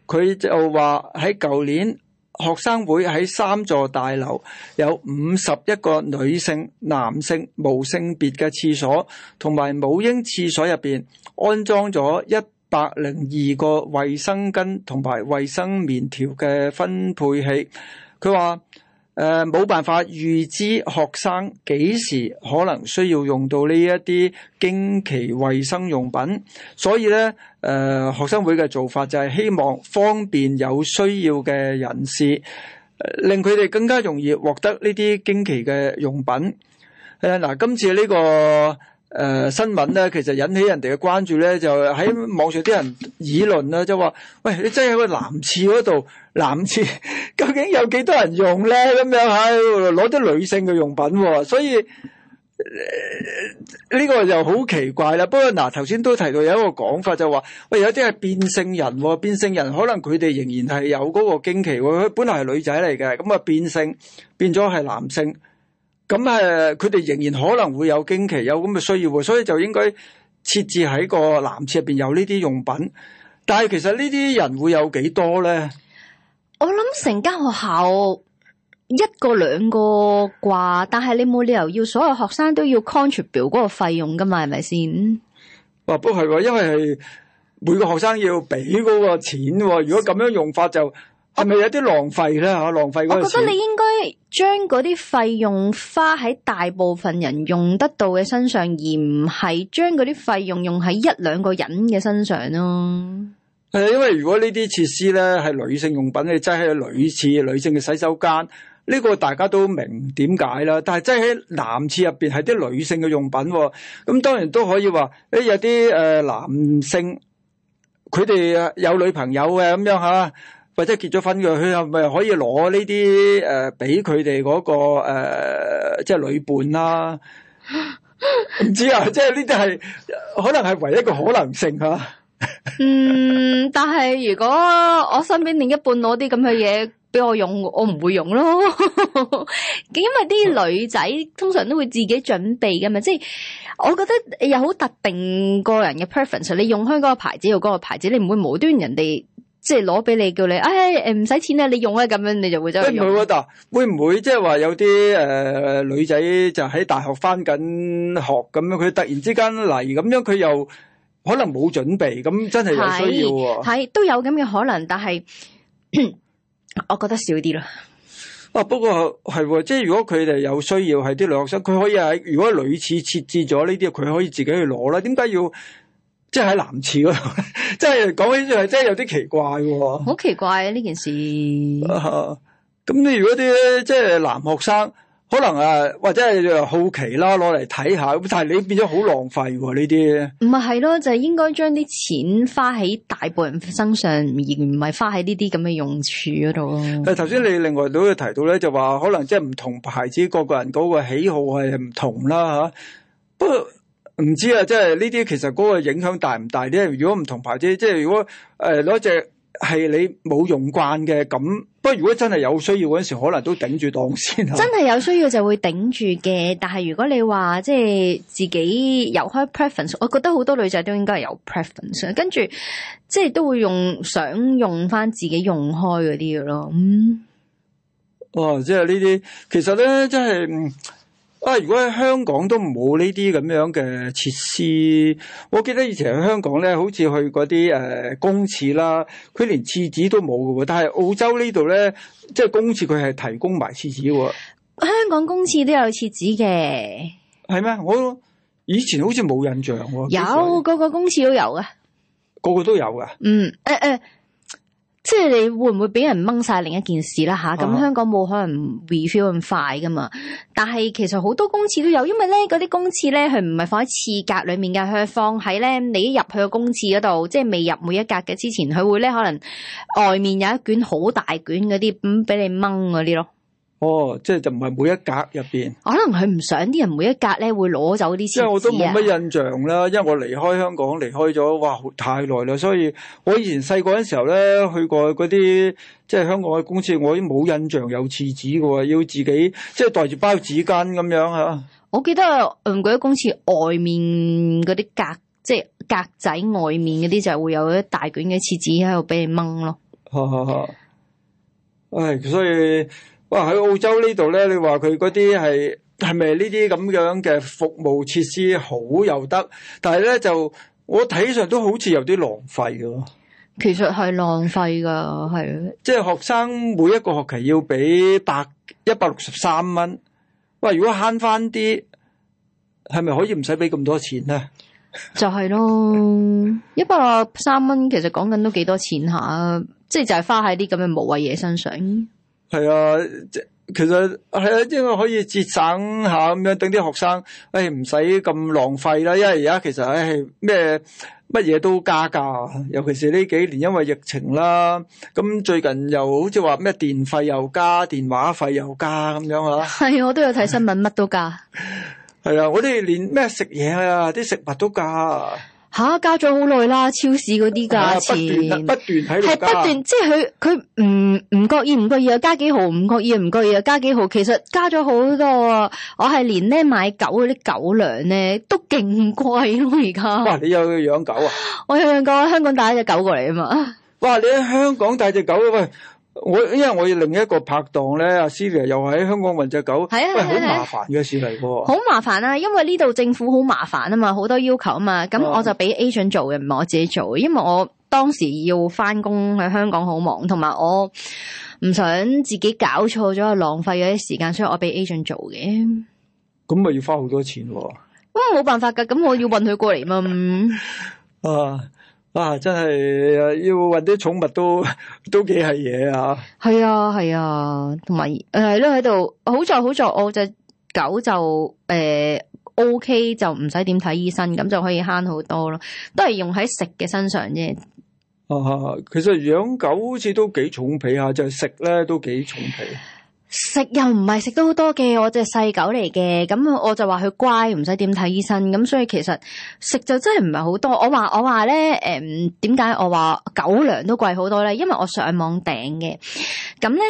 佢就話喺舊年，學生會喺三座大樓，有五十一個女性、男性、無性別嘅廁所，同埋母嬰廁所入邊，安裝咗一百零二個衛生巾同埋衛生棉條嘅分配器。佢話：誒，冇、呃、辦法預知學生幾時可能需要用到呢一啲經期衛生用品，所以咧，誒、呃，學生會嘅做法就係希望方便有需要嘅人士，呃、令佢哋更加容易獲得呢啲經期嘅用品。誒，嗱，今次、這個呃、呢個誒新聞咧，其實引起人哋嘅關注咧，就喺網上啲人議論啦、啊，就話，喂，你真係喺個男廁嗰度？男廁究竟有幾多人用咧？咁樣吓攞啲女性嘅用品，哦，所以呢、呃這個又好奇怪啦。不過嗱，頭先都提到有一個講法就話喂，有啲係變、哦、變性人，變性人可能佢哋仍然係有嗰個經期，佢本來係女仔嚟嘅，咁啊變性變咗係男性，咁誒佢哋仍然可能會有經期，有咁嘅需要，所以就應該設置喺個男廁入邊有呢啲用品。但係其實呢啲人會有幾多咧？我諗成間學校一個兩個啩，但係你冇理由要所有學生都要 contribute 嗰個費用噶嘛，係咪先？哇，不過係喎，因為係每個學生要俾嗰個錢。如果咁樣用法就，就係咪有啲浪費咧？吓，浪費。我覺得你應該將嗰啲費用花喺大部分人用得到嘅身上，而唔係將嗰啲費用用喺一兩個人嘅身上咯。誒，因為如果設呢啲設施咧係女性用品，你擠喺女廁、女性嘅洗手間，呢、這個大家都明點解啦。但係擠喺男廁入邊係啲女性嘅用品、哦，咁、嗯、當然都可以話，誒有啲誒、呃、男性，佢哋有女朋友嘅咁樣吓、啊，或者結咗婚嘅，佢係咪可以攞呢啲誒俾佢哋嗰個誒、呃、即係女伴啦、啊？唔知啊，即係呢啲係可能係唯一嘅可能性吓、啊。 (laughs) 嗯，但係如果我身邊另一半攞啲咁嘅嘢俾我用，我唔會用咯， (laughs) 因為啲女仔通常都會自己準備噶嘛。即係我覺得又好特定個人嘅 preference 你用開嗰個牌子，用嗰個牌子，你唔會無端人哋即係攞俾你叫你，唉、哎，誒唔使錢啊，你用啊，咁樣你就會走去用。欸、會唔會，會即係話有啲誒、呃、女仔就喺大學翻緊學咁樣，佢突然之間嚟咁樣，佢又？可能冇準備，咁真係有需要喎、啊。係都有咁嘅可能，但係 (coughs) 我覺得少啲咯。啊，不過係即係如果佢哋有需要，係啲女學生，佢可以喺如果女廁設置咗呢啲，佢可以自己去攞啦。點解要即係喺男廁？即係講、啊、 (laughs) 起嚟，真係有啲奇怪嘅。好奇怪啊！呢、啊、件事。咁你、啊、如果啲即係男學生？可能啊，或者係好奇啦，攞嚟睇下。咁但係你變咗好浪費喎呢啲。唔係係咯，就係、是、應該將啲錢花喺大部分人身上，而唔係花喺呢啲咁嘅用處嗰度。誒，頭先你另外都提到咧，就話可能即係唔同牌子，個個人嗰個喜好係唔同啦吓、啊。不過唔知啊，即係呢啲其實嗰個影響大唔大啲？如果唔同牌子，即、就、係、是、如果誒攞隻係你冇用慣嘅咁。不過如果真係有需要嗰陣時，可能都頂住檔先。真係有需要就會頂住嘅，但係如果你話即係自己有開 preference，我覺得好多女仔都應該係有 preference，跟住即係都會用想用翻自己用開嗰啲嘅咯。嗯，哦，即係呢啲，其實咧真係。啊！如果喺香港都冇呢啲咁樣嘅設施，我記得以前喺香港咧，好似去嗰啲誒公廁啦，佢連廁紙都冇㗎喎。但係澳洲呢度咧，即係公廁佢係提供埋廁紙喎。香港公廁都有廁紙嘅，係咩？我以前好似冇印象喎。有，以前，個個公廁都有㗎，個個都有㗎。嗯，誒、呃、誒。呃即係你會唔會俾人掹晒另一件事啦吓？咁、啊、香港冇可能 refill 咁快噶嘛？但係其實好多公廁都有，因為咧啲公廁咧，佢唔係放喺廁格裏面嘅，佢放喺咧你一入去個公廁度，即係未入每一格嘅之前，佢會咧可能外面有一卷好大卷啲咁俾你掹嗰啲咯。哦，即係就唔係每一格入邊，可能佢唔想啲人每一格咧會攞走啲廁紙啊。即係我都冇乜印象啦，因為我離開香港離開咗哇，太耐啦，所以我以前細個嗰陣時候咧去過嗰啲即係香港嘅公廁，我已經冇印象有廁紙嘅，要自己即係袋住包紙巾咁樣吓。我記得嗯，嗰啲公廁外面嗰啲格即係格仔外面嗰啲就會有一大卷嘅廁紙喺度俾你掹咯。好好 (laughs) 唉，所以。哇！喺澳洲呢度咧，你話佢嗰啲係係咪呢啲咁樣嘅服務設施好又得？但係咧，就我睇上都好似有啲浪費嘅。其實係浪費噶，係。即係學生每一個學期要俾百一百六十三蚊。喂，如果慳翻啲，係咪可以唔使俾咁多錢咧 (laughs) ？就係咯，一百三蚊其實講緊都幾多錢下，即係就係花喺啲咁嘅無謂嘢身上。係啊，即其實係啊，即可以節省下咁樣，等、啊、啲學生，誒唔使咁浪費啦。因為而家其實誒咩乜嘢都加價，尤其是呢幾年，因為疫情啦，咁、啊、最近又好似話咩電費又加，電話費又加咁樣啊。係、啊，我都有睇新聞，乜 (laughs) 都加。係啊，我哋連咩食嘢啊，啲食物都加。吓、啊、加咗好耐啦，超市嗰啲價錢、啊、不斷、啊、不斷喺度加，係不斷即係佢佢唔唔覺意唔覺意啊加幾毫，唔覺意唔覺意啊加幾毫，其實加咗好多啊！我係連咧買狗嗰啲狗糧咧都勁貴咯而家。哇！你有養狗啊？我有養過，香港帶一隻狗過嚟啊嘛。哇！你喺香港帶隻狗啊喂？我因為我要另一個拍檔咧，阿 Sylvia 又喺香港運隻狗，係啊好麻煩嘅、啊啊、事嚟噶，好麻煩啊！因為呢度政府好麻煩啊嘛，好多要求啊嘛，咁我就俾 agent 做嘅，唔係、啊、我自己做，因為我當時要翻工喺香港好忙，同埋我唔想自己搞錯咗，浪費咗啲時間，所以我俾 agent 做嘅。咁咪要花好多錢喎、啊？咁冇、啊、辦法噶，咁我要運佢過嚟嘛。嗯、 (laughs) 啊！啊，真係誒，要搵啲寵物都都幾係嘢啊，係啊係啊，同埋誒係咯喺度。好在好在我隻狗就誒 OK 就唔使點睇醫生，咁就可以慳好多咯。都係用喺食嘅身上啫。啊，其實養狗好似都幾重皮啊，就係食咧都幾重皮。食又唔係食得好多嘅，我隻細狗嚟嘅，咁我就話佢乖，唔使點睇醫生咁，所以其實食就真係唔係好多。我話我話咧，誒、嗯，點解我話狗糧都貴好多咧？因為我上網訂嘅咁咧，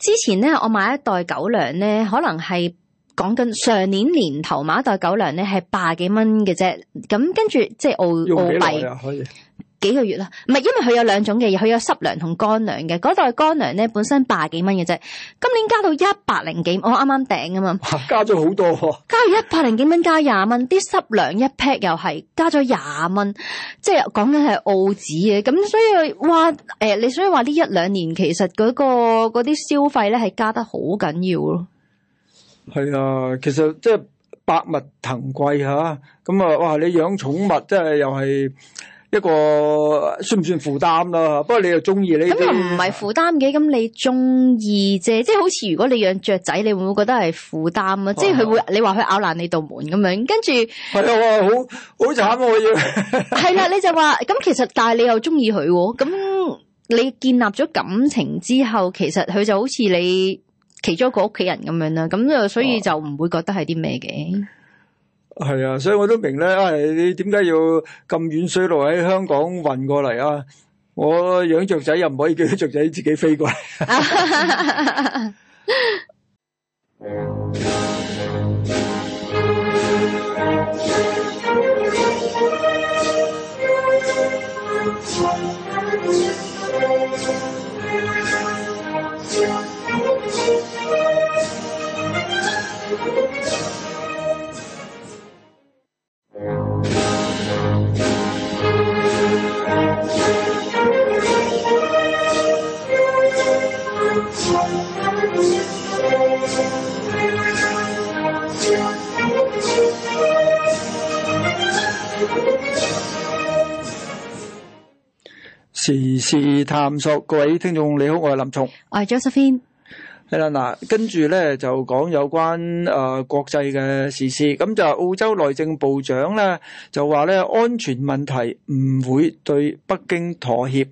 之前咧我買一袋狗糧咧，可能係講緊上年年頭買一袋狗糧咧係百幾蚊嘅啫，咁跟住即係澳澳幣、啊、可以。幾個月啦，唔係因為佢有兩種嘅嘢。佢有濕糧同乾糧嘅。嗰袋乾糧咧本身百幾蚊嘅啫，今年加到一百零幾，我啱啱訂啊嘛，加咗好多。加咗一百零幾蚊加廿蚊，啲濕糧一 pack 又係加咗廿蚊，即係講緊係澳紙嘅咁，所以哇誒，你所以話呢一兩年其實嗰個嗰啲消費咧係加得好緊要咯，係啊，其實即係百物騰貴吓，咁啊，哇！你養寵物真係又係。一個算唔算負擔咯？不過你又中意呢？咁、嗯、又唔係負擔嘅，咁你中意啫。即係好似如果你養雀仔，你會唔會覺得係負擔啊？啊即係佢會，你話佢咬爛你道門咁樣，跟住係啊，好好慘啊要。係啦、啊 (laughs) 啊，你就話咁，其實但係你又中意佢，咁你建立咗感情之後，其實佢就好似你其中一個屋企人咁樣啦。咁就所以就唔會覺得係啲咩嘅。係啊，所以我都明咧，啊，你點解要咁遠水路喺香港運過嚟啊？我養雀仔又唔可以叫啲雀仔自己飛過嚟。事探索，各位聽眾，你好，我係林松，我係 Josephine。係啦，嗱，跟住咧就講有關誒國際嘅時事，咁就澳洲內政部長咧就話咧安全問題唔會對北京妥協。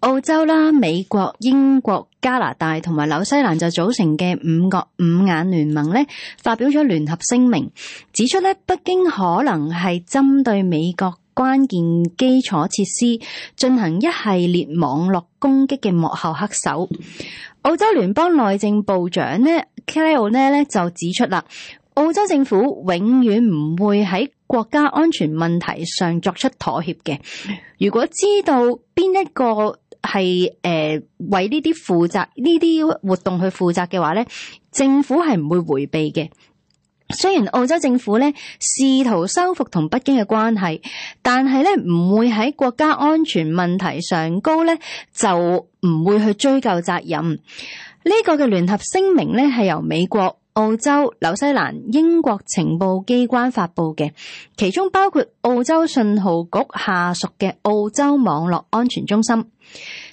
澳洲啦、美國、英國、加拿大同埋紐西蘭就組成嘅五國五眼聯盟咧，發表咗聯合聲明，指出咧北京可能係針對美國關鍵基礎設施進行一系列網絡攻擊嘅幕後黑手，澳洲聯邦內政部長呢 Clare O 呢，就指出啦，澳洲政府永遠唔會喺國家安全問題上作出妥協嘅。如果知道邊一個係誒、呃、為呢啲負責呢啲活動去負責嘅話呢，政府係唔會回避嘅。雖然澳洲政府呢試圖修復同北京嘅關係，但係呢唔會喺國家安全問題上高呢，就唔會去追究責任。呢、呢個嘅聯合聲明呢係由美國、澳洲、紐西蘭、英國情報機關發布嘅，其中包括澳洲信號局下屬嘅澳洲網絡安全中心。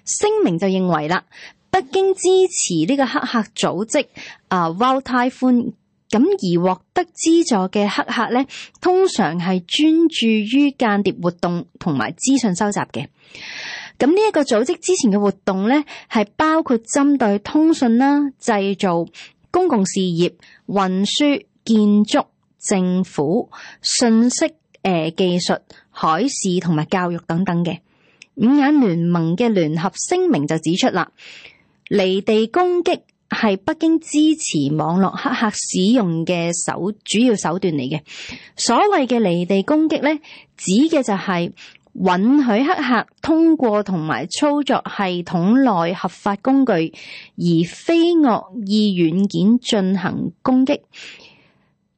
聲明就認為啦，北京支持呢個黑客組織啊，Wild Typhoon 咁而獲得資助嘅黑客，客呢，通常係專注於間諜活動同埋資訊收集嘅。咁呢一個組織之前嘅活動呢，係包括針對通訊啦、製造、公共事業、運輸、建築、政府、信息、呃、技術、海事同埋教育等等嘅。五眼聯盟嘅聯合聲明就指出啦，離地攻擊。係北京支持網絡黑客使用嘅手主要手段嚟嘅。所謂嘅離地攻擊咧，指嘅就係允許黑客通過同埋操作系統內合法工具，而非惡意軟件進行攻擊。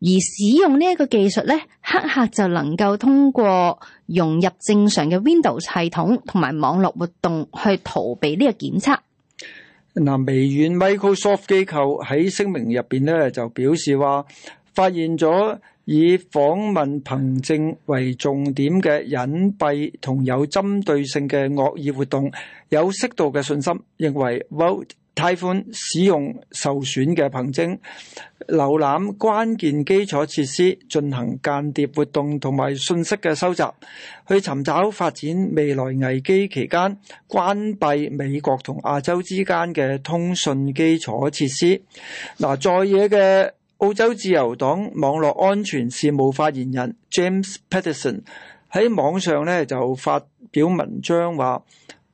而使用呢一個技術咧，黑客就能夠通過融入正常嘅 Windows 系統同埋網絡活動去逃避呢個檢測。嗱，微軟 Microsoft 機構喺聲明入邊咧就表示話，發現咗以訪問憑證為重點嘅隱蔽同有針對性嘅惡意活動，有適度嘅信心認為。Vote。貸款使用受損嘅憑證瀏覽關鍵基礎設施進行間諜活動同埋信息嘅收集，去尋找發展未來危機期間關閉美國同亞洲之間嘅通訊基礎設施。嗱，在野嘅澳洲自由黨網絡安全事務發言人 James Paterson 喺網上咧就發表文章話，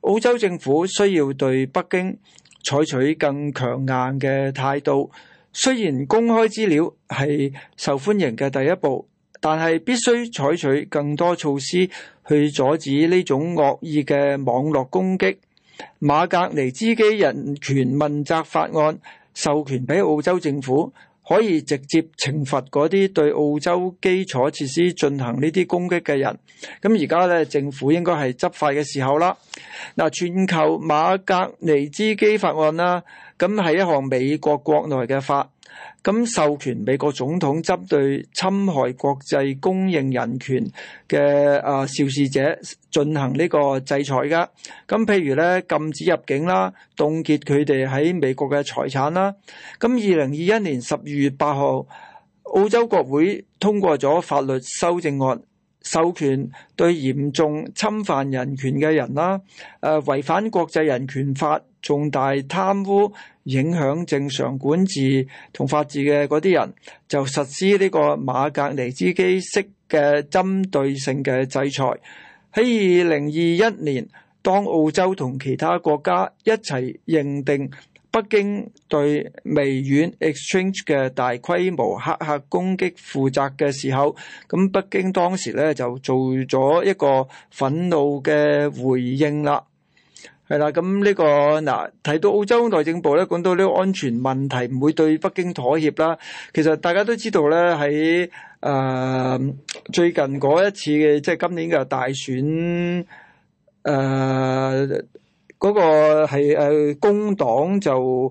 澳洲政府需要對北京。採取更強硬嘅態度，雖然公開資料係受歡迎嘅第一步，但係必須採取更多措施去阻止呢種惡意嘅網絡攻擊。馬格尼茲基人權問責法案授權俾澳洲政府。可以直接懲罰嗰啲對澳洲基礎設施進行呢啲攻擊嘅人。咁而家咧，政府應該係執法嘅時候啦。嗱，全球馬格尼茨基，基法案啦，咁係一項美國國內嘅法。咁授權美國總統針對侵害國際公認人權嘅啊肇事者進行呢個制裁㗎。咁、啊、譬如咧禁止入境啦，凍結佢哋喺美國嘅財產啦。咁二零二一年十二月八號，澳洲國會通過咗法律修正案，授權對嚴重侵犯人權嘅人啦，誒、啊、違反國際人權法、重大貪污。影響正常管治同法治嘅嗰啲人，就實施呢個馬格尼茲基、基式嘅針對性嘅制裁。喺二零二一年，當澳洲同其他國家一齊認定北京對微軟 Exchange 嘅大規模黑客攻擊負責嘅時候，咁北京當時咧就做咗一個憤怒嘅回應啦。係啦，咁呢個嗱，提到澳洲內政部咧，講到呢個安全問題唔會對北京妥協啦。其實大家都知道咧，喺誒最近嗰一次嘅即係今年嘅大選，誒嗰個係誒工黨就，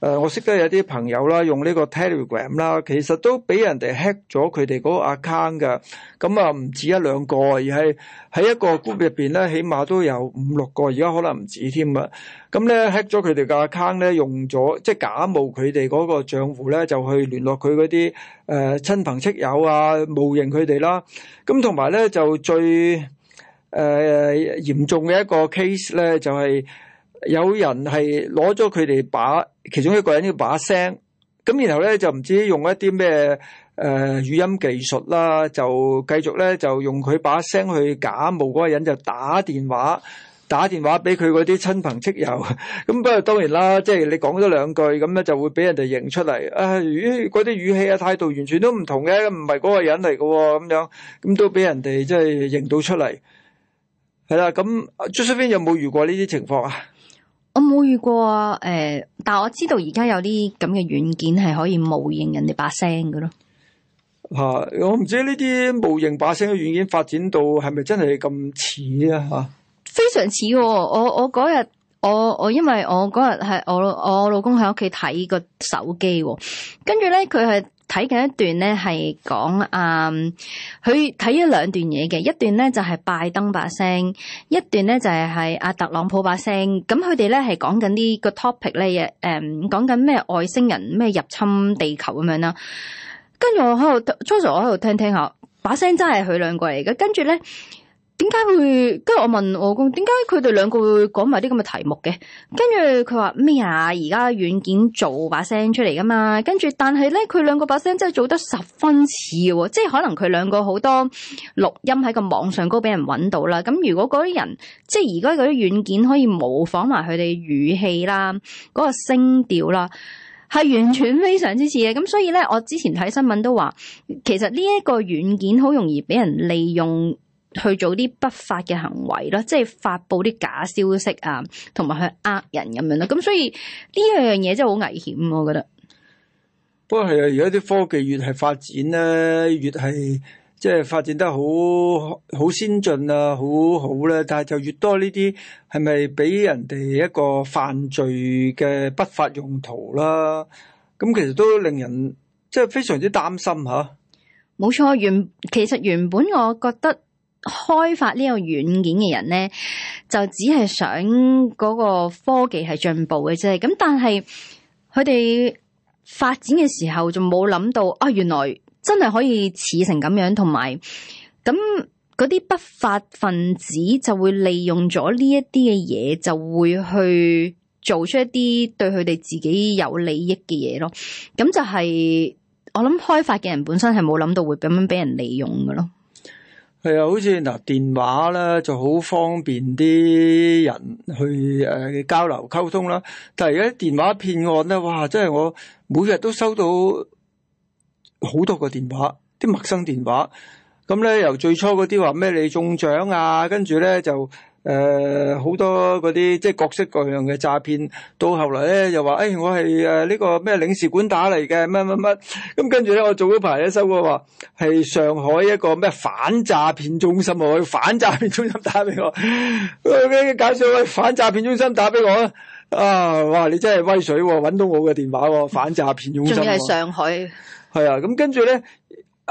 誒、呃，我識得有啲朋友啦，用呢個 Telegram 啦，其實都俾人哋 hack 咗佢哋嗰個 account 㗎。咁啊，唔止一兩個，而係喺一個 group 入邊咧，起碼都有五六個，而家可能唔止添啊。咁咧 hack 咗佢哋嘅 account 咧，用咗即係假冒佢哋嗰個賬戶咧，就去聯絡佢嗰啲誒親朋戚友啊，冒認佢哋啦。咁同埋咧就最誒、呃、嚴重嘅一個 case 咧，就係、是、有人係攞咗佢哋把。其中一個人要把聲，咁然後咧就唔知用一啲咩誒語音技術啦，就繼續咧就用佢把聲去假冒嗰個人就打電話，打電話俾佢嗰啲親朋戚友。咁不過當然啦，即、就、係、是、你講咗兩句咁咧，就會俾人哋認出嚟。啊、哎，如嗰啲語氣啊態度完全都唔同嘅，唔係嗰個人嚟嘅喎，咁樣咁都俾人哋即係認到出嚟。係啦，咁朱 o s 有冇遇過呢啲情況啊？我冇遇過誒、啊欸，但我知道而家有啲咁嘅軟件係可以模擬人哋把聲嘅咯。吓、啊，我唔知呢啲模擬把聲嘅軟件發展到係咪真係咁似啊？吓、啊？非常似、啊，我我嗰日我我因為我嗰日係我我老公喺屋企睇個手機、啊，跟住咧佢係。睇緊一段咧，係講誒，佢睇咗兩段嘢嘅，一段咧就係拜登把聲，一段咧就係阿特朗普把聲，咁佢哋咧係講緊呢個 topic 咧，誒、嗯，講緊咩外星人咩入侵地球咁樣啦，跟住我喺度，初時我喺度聽聽下，把聲真係佢兩個嚟嘅。跟住咧。點解會？跟住我問我公點解佢哋兩個會講埋啲咁嘅題目嘅？跟住佢話咩啊？而家軟件做把聲出嚟噶嘛？跟住但係咧，佢兩個把聲真係做得十分似嘅，即係可能佢兩個好多錄音喺個網上高俾人揾到啦。咁如果嗰啲人即係而家嗰啲軟件可以模仿埋佢哋語氣啦，嗰、嗰個聲調啦，係完全非常之似嘅。咁 (laughs) 所以咧，我之前睇新聞都話，其實呢一個軟件好容易俾人利用。去做啲不法嘅行為啦，即係發佈啲假消息啊，同埋去呃人咁樣啦，咁所以呢樣嘢真係好危險，我覺得。不過係啊，而家啲科技越係發展咧，越係即係發展得好好先進啊，好好咧。但係就越多呢啲係咪俾人哋一個犯罪嘅不法用途啦？咁其實都令人即係非常之擔心吓。冇錯，原其實原本我覺得。開發呢個軟件嘅人呢，就只係想嗰個科技係進步嘅啫。咁但係佢哋發展嘅時候就冇諗到啊，原來真係可以似成咁樣，同埋咁嗰啲不法分子就會利用咗呢一啲嘅嘢，就會去做出一啲對佢哋自己有利益嘅嘢咯。咁就係、是，我諗開發嘅人本身係冇諗到會咁樣俾人利用嘅咯。係啊，好似嗱電話咧就好方便啲人去誒、呃、交流溝通啦。但係而家電話騙案咧，哇！真係我每日都收到好多個電話，啲陌生電話。咁、嗯、咧由最初嗰啲話咩你中獎啊，跟住咧就。誒，好、呃、多嗰啲即係各式各樣嘅詐騙，到後來咧又話誒、哎，我係誒呢個咩領事館打嚟嘅，乜乜乜，咁跟住咧我做咗排一收過話係上海一個咩反詐騙中心喎，反詐騙中心打俾我，誒、嗯，介紹喂反詐騙中心打俾我啊，啊，哇，你真係威水喎，搵到我嘅電話喎，反詐騙中心，仲要係上海，係啊，咁跟住咧。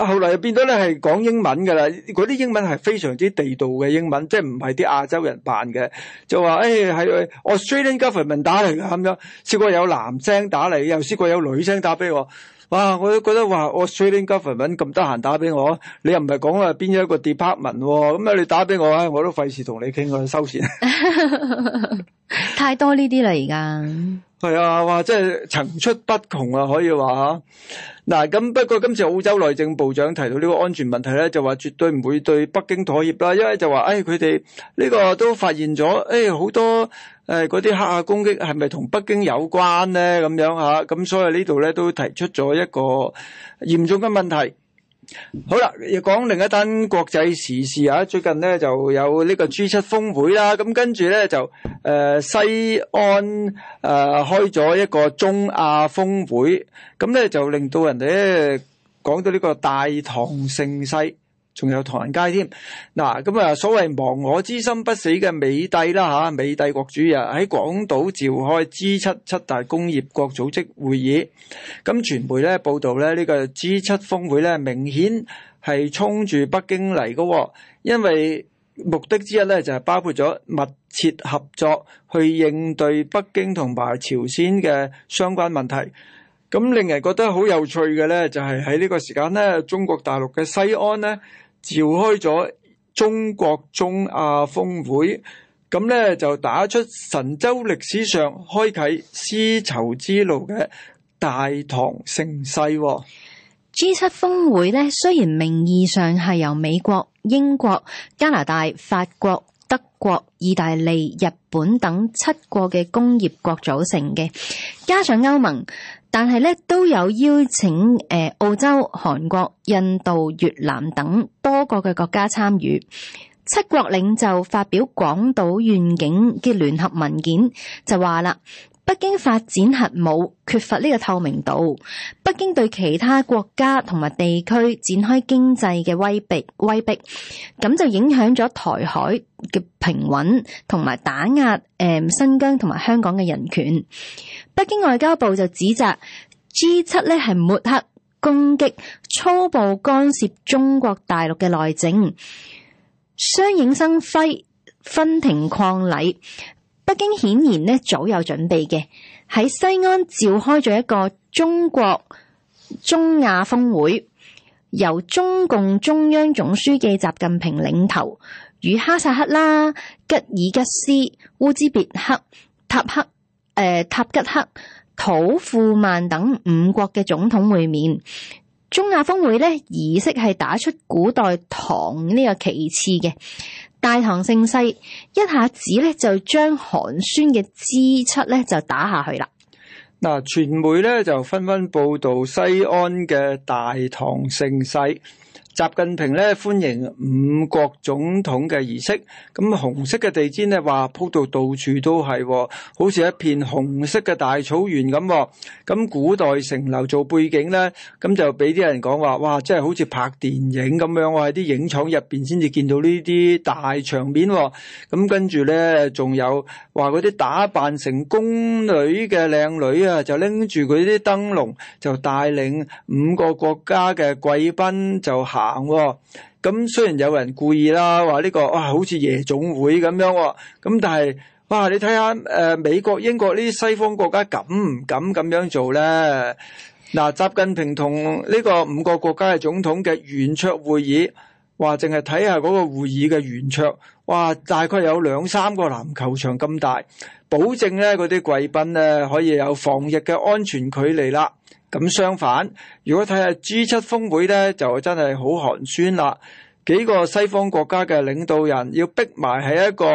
後嚟又變咗咧，係講英文嘅啦。嗰啲英文係非常之地道嘅英文，即係唔係啲亞洲人扮嘅，就話，誒係 Australian government 打嚟㗎咁樣。試過有男聲打嚟，又試過有女聲打俾我。哇！我都覺得話 Australian government 咁得閒打俾我，你又唔係講話邊一個 department 咁咧？你打俾我，哎、我都費事同你傾啊，我收線。 (laughs) (laughs) 太多呢啲啦，而家係啊，哇！真係層出不窮啊，可以話嚇、啊。嗱，咁不過今次澳洲內政部長提到呢個安全問題咧，就話絕對唔會對北京妥協啦，因為就話，哎，佢哋呢個都發現咗，哎，好多誒嗰啲黑客攻擊係咪同北京有關呢？咁樣嚇，咁所以呢度咧都提出咗一個嚴重嘅問題。好啦，又講另一單國際時事啊！最近咧就有呢個 G7 峰會啦，咁、嗯、跟住咧就誒、呃、西安誒、呃、開咗一個中亞峰會，咁、嗯、咧就令到人哋咧講到呢個大唐盛世。仲有唐人街添。嗱，咁啊，所謂亡我之心不死嘅美帝啦吓，美帝國主義啊，喺廣島召開 G 七七大工業國組織會議，咁傳媒咧報道咧呢個 G 七峰會咧明顯係衝住北京嚟嘅。哦，因為目的之一咧就係、係、包括咗密切合作去應對北京同埋朝鮮嘅相關問題，咁令人覺得好有趣嘅咧，就係喺呢個時間咧，中國大陸嘅西安咧。召開咗中國中亞峰會，咁呢就打出神州歷史上開啟絲綢之路嘅大唐盛世喎。G 七峰會呢，雖然名義上係由美國、英國、加拿大、法國、德國、意大利、日本等七國嘅工業國組成嘅，加上歐盟。但係咧，都有邀請誒、呃、澳洲、韓國、印度、越南等多個嘅國家參與。七國領袖發表《廣島願景》嘅聯合文件，就話啦。北京發展核武缺乏呢個透明度，北京對其他國家同埋地區展開經濟嘅威逼威逼，咁就影響咗台海嘅平穩，同埋打壓誒、嗯、新疆同埋香港嘅人權。北京外交部就指責 G 七咧，係抹黑攻擊，粗暴干涉中國大陸嘅內政，相影生輝，分庭抗禮。北京顯然呢早有準備嘅，喺西安召開咗一個中國中亞峰會，由中共中央總書記習近平領頭，與哈薩克啦、吉爾吉斯、烏茲別克、塔克、誒、呃、塔吉克、土庫曼等五國嘅總統會面。中亞峰會呢儀式係打出古代唐呢個旗幟嘅。大唐盛世一下子咧就將寒酸嘅 G7 咧就打下去啦。嗱，傳媒咧就紛紛報道西安嘅大唐盛世。習近平咧歡迎五國總統嘅儀式，咁、嗯、紅色嘅地氈咧話鋪到到處都係、哦，好似一片紅色嘅大草原咁、哦。咁、嗯、古代城樓做背景咧，咁、嗯、就俾啲人講話，哇，真係好似拍電影咁樣，我喺啲影廠入邊先至見到呢啲大場面、哦。咁、嗯、跟住咧仲有話嗰啲打扮成宮女嘅靚女啊，就拎住佢啲燈籠，就帶領五個國家嘅貴賓就行。行咁、嗯、雖然有人故意啦，話呢、這個哇好似夜總會咁樣、哦，咁但係哇，你睇下誒美國、英國呢啲西方國家敢唔敢咁樣做咧？嗱、呃，習近平同呢個五個國家嘅總統嘅圓桌會議，話淨係睇下嗰個會議嘅圓桌，哇，大概有兩三個籃球場咁大，保證咧嗰啲貴賓咧可以有防疫嘅安全距離啦。咁相反，如果睇下 G7 峰會咧，就真係好寒酸啦。幾個西方國家嘅領導人要逼埋喺一個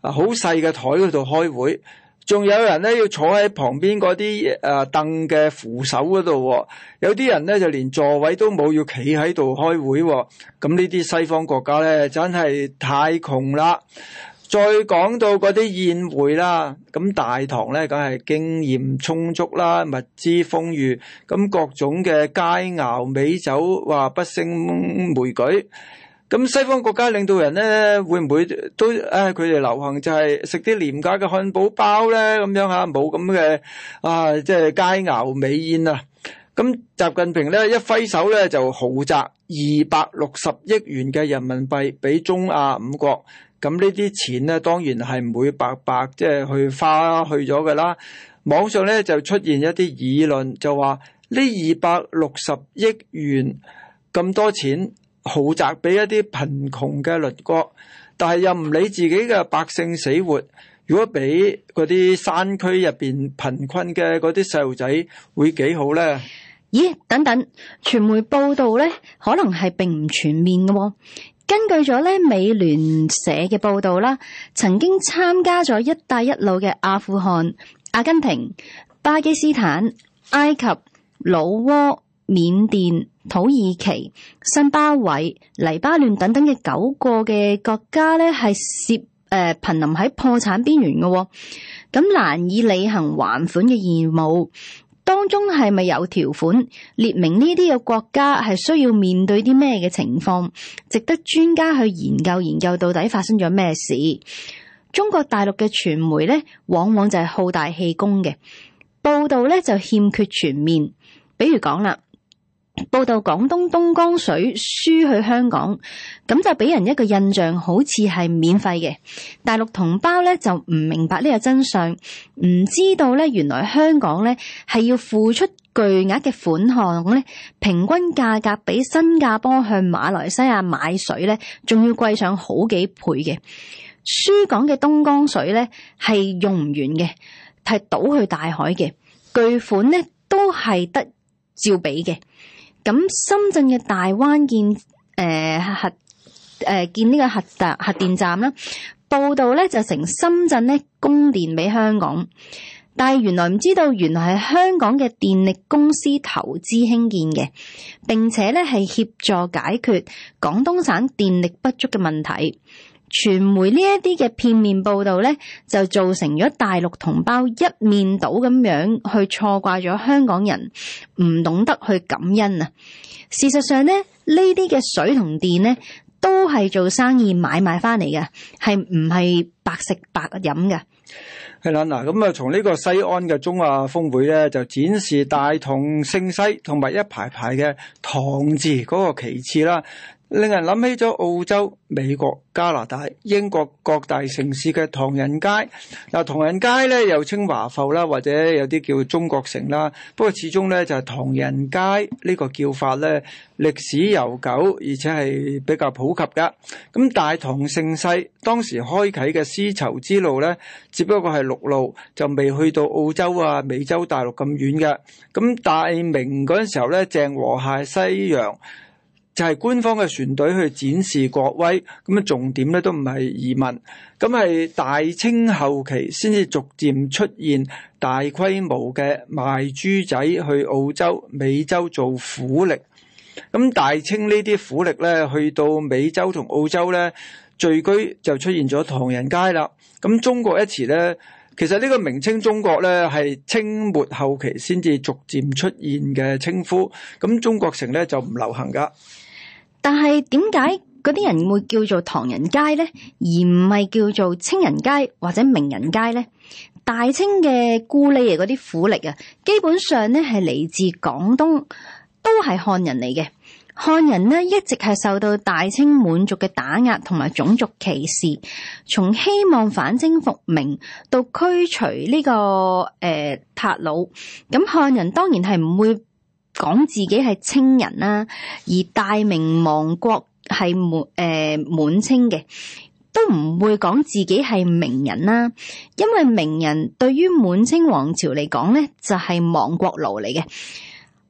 啊好細嘅台嗰度開會，仲有人咧要坐喺旁邊嗰啲誒凳嘅扶手嗰度，有啲人咧就連座位都冇，要企喺度開會。咁呢啲西方國家咧，真係太窮啦。再講到嗰啲宴會啦，咁大唐咧，梗係經驗充足啦，物資豐裕，咁各種嘅佳肴美酒，話不勝枚舉。咁西方國家領導人咧，會唔會都唉？佢哋流行就係食啲廉價嘅漢堡包咧，咁樣嚇冇咁嘅啊，即係佳肴美宴啊。咁習近平咧一揮手咧，就豪擲二百六十億元嘅人民幣俾中亞五國。咁呢啲錢咧，當然係唔會白白即係、就是、去花去咗嘅啦。網上咧就出現一啲議論，就話呢二百六十億元咁多錢豪贈俾一啲貧窮嘅鄰國，但係又唔理自己嘅百姓死活。如果俾嗰啲山區入邊貧困嘅嗰啲細路仔，會幾好咧？咦？等等，傳媒報道咧，可能係並唔全面嘅喎、哦。根據咗咧美聯社嘅報道啦，曾經參加咗一帶一路嘅阿富汗、阿根廷、巴基斯坦、埃及、老撾、緬甸、土耳其、新巴維、黎巴嫩等等嘅九個嘅國家咧，係涉誒呃、瀕臨喺破產邊緣嘅、哦，咁難以履行還款嘅義務。當中係咪有條款列明呢啲嘅國家係需要面對啲咩嘅情況，值得專家去研究，研究到底發生咗咩事？中國大陸嘅傳媒咧，往往就係好大氣功嘅報道咧，就欠缺全面。比如講啦。報道廣東東江水輸去香港，咁就俾人一個印象，好似係免費嘅。大陸同胞咧就唔明白呢個真相，唔知道咧原來香港咧係要付出巨額嘅款項，咧平均價格比新加坡向馬來西亞買水咧，仲要貴上好幾倍嘅。輸港嘅東江水咧係用唔完嘅，係倒去大海嘅，巨款咧都係得照俾嘅。咁深圳嘅大灣建誒核誒建呢個核核核電站啦，報道咧就成深圳呢供電俾香港，但係原來唔知道原來係香港嘅電力公司投資興建嘅，並且咧係協助解決廣東省電力不足嘅問題。傳媒呢一啲嘅片面報道咧，就造成咗大陸同胞一面倒咁樣去錯怪咗香港人唔懂得去感恩啊！事實上咧，呢啲嘅水同電咧，都係做生意買賣翻嚟嘅，係唔係白食白飲嘅。係啦，嗱，咁啊，從呢個西安嘅中亞峰會咧，就展示大唐盛世，同埋一排排嘅唐字嗰個旗幟啦。令人諗起咗澳洲、美國、加拿大、英國各大城市嘅唐人街。嗱，唐人街咧又稱華埠啦，或者有啲叫中國城啦。不過始終咧就係唐人街呢個叫法咧歷史悠久，而且係比較普及㗎。咁大唐盛世當時開啓嘅絲綢之路咧，只不過係陸路就未去到澳洲啊、美洲大陸咁遠嘅。咁大明嗰陣時候咧，鄭和下西洋。就係官方嘅船隊去展示國威，咁樣重點咧都唔係移民，咁係大清後期先至逐漸出現大規模嘅賣豬仔去澳洲、美洲做苦力。咁大清呢啲苦力咧去到美洲同澳洲咧聚居，就出現咗唐人街啦。咁中國一詞咧，其實呢個名稱中國咧係清末後期先至逐漸出現嘅稱呼，咁中國城咧就唔流行噶。但係點解嗰啲人會叫做唐人街呢？而唔係叫做清人街或者名人街呢？大清嘅故利爺嗰啲苦力啊，基本上呢係嚟自廣東，都係漢人嚟嘅。漢人呢一直係受到大清滿族嘅打壓同埋種族歧視，從希望反清復明到驅除呢、這個誒韃虜，咁、呃、漢人當然係唔會。講自己係清人啦，而大明亡國係滿誒滿清嘅，都唔會講自己係明人啦，因為明人對於滿清王朝嚟講呢，就係亡國奴嚟嘅。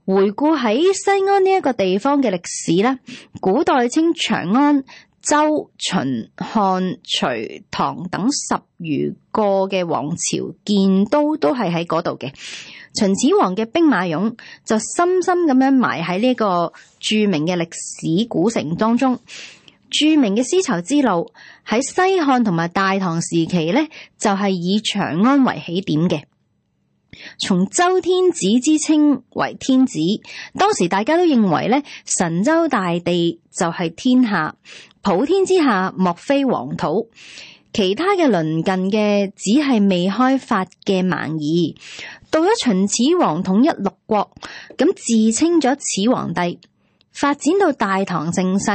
回顧喺西安呢一個地方嘅歷史啦，古代稱長安，周、秦、漢、隋、唐等十餘個嘅王朝建都都係喺嗰度嘅。秦始皇嘅兵馬俑就深深咁樣埋喺呢個著名嘅歷史古城當中。著名嘅絲綢之路喺西漢同埋大唐時期咧，就係、是、以長安為起點嘅。從周天子之稱為天子，當時大家都認為咧，神州大地就係天下，普天之下莫非黃土，其他嘅鄰近嘅只係未開發嘅蠻夷。到咗秦始皇統一六國，咁自稱咗始皇帝。發展到大唐盛世，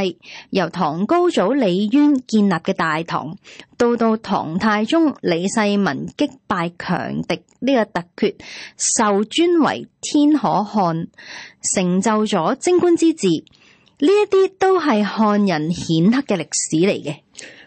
由唐高祖李淵建立嘅大唐，到到唐太宗李世民擊敗強敵呢個突厥，受尊為天可汗，成就咗貞觀之治。呢一啲都係漢人顯赫嘅歷史嚟嘅。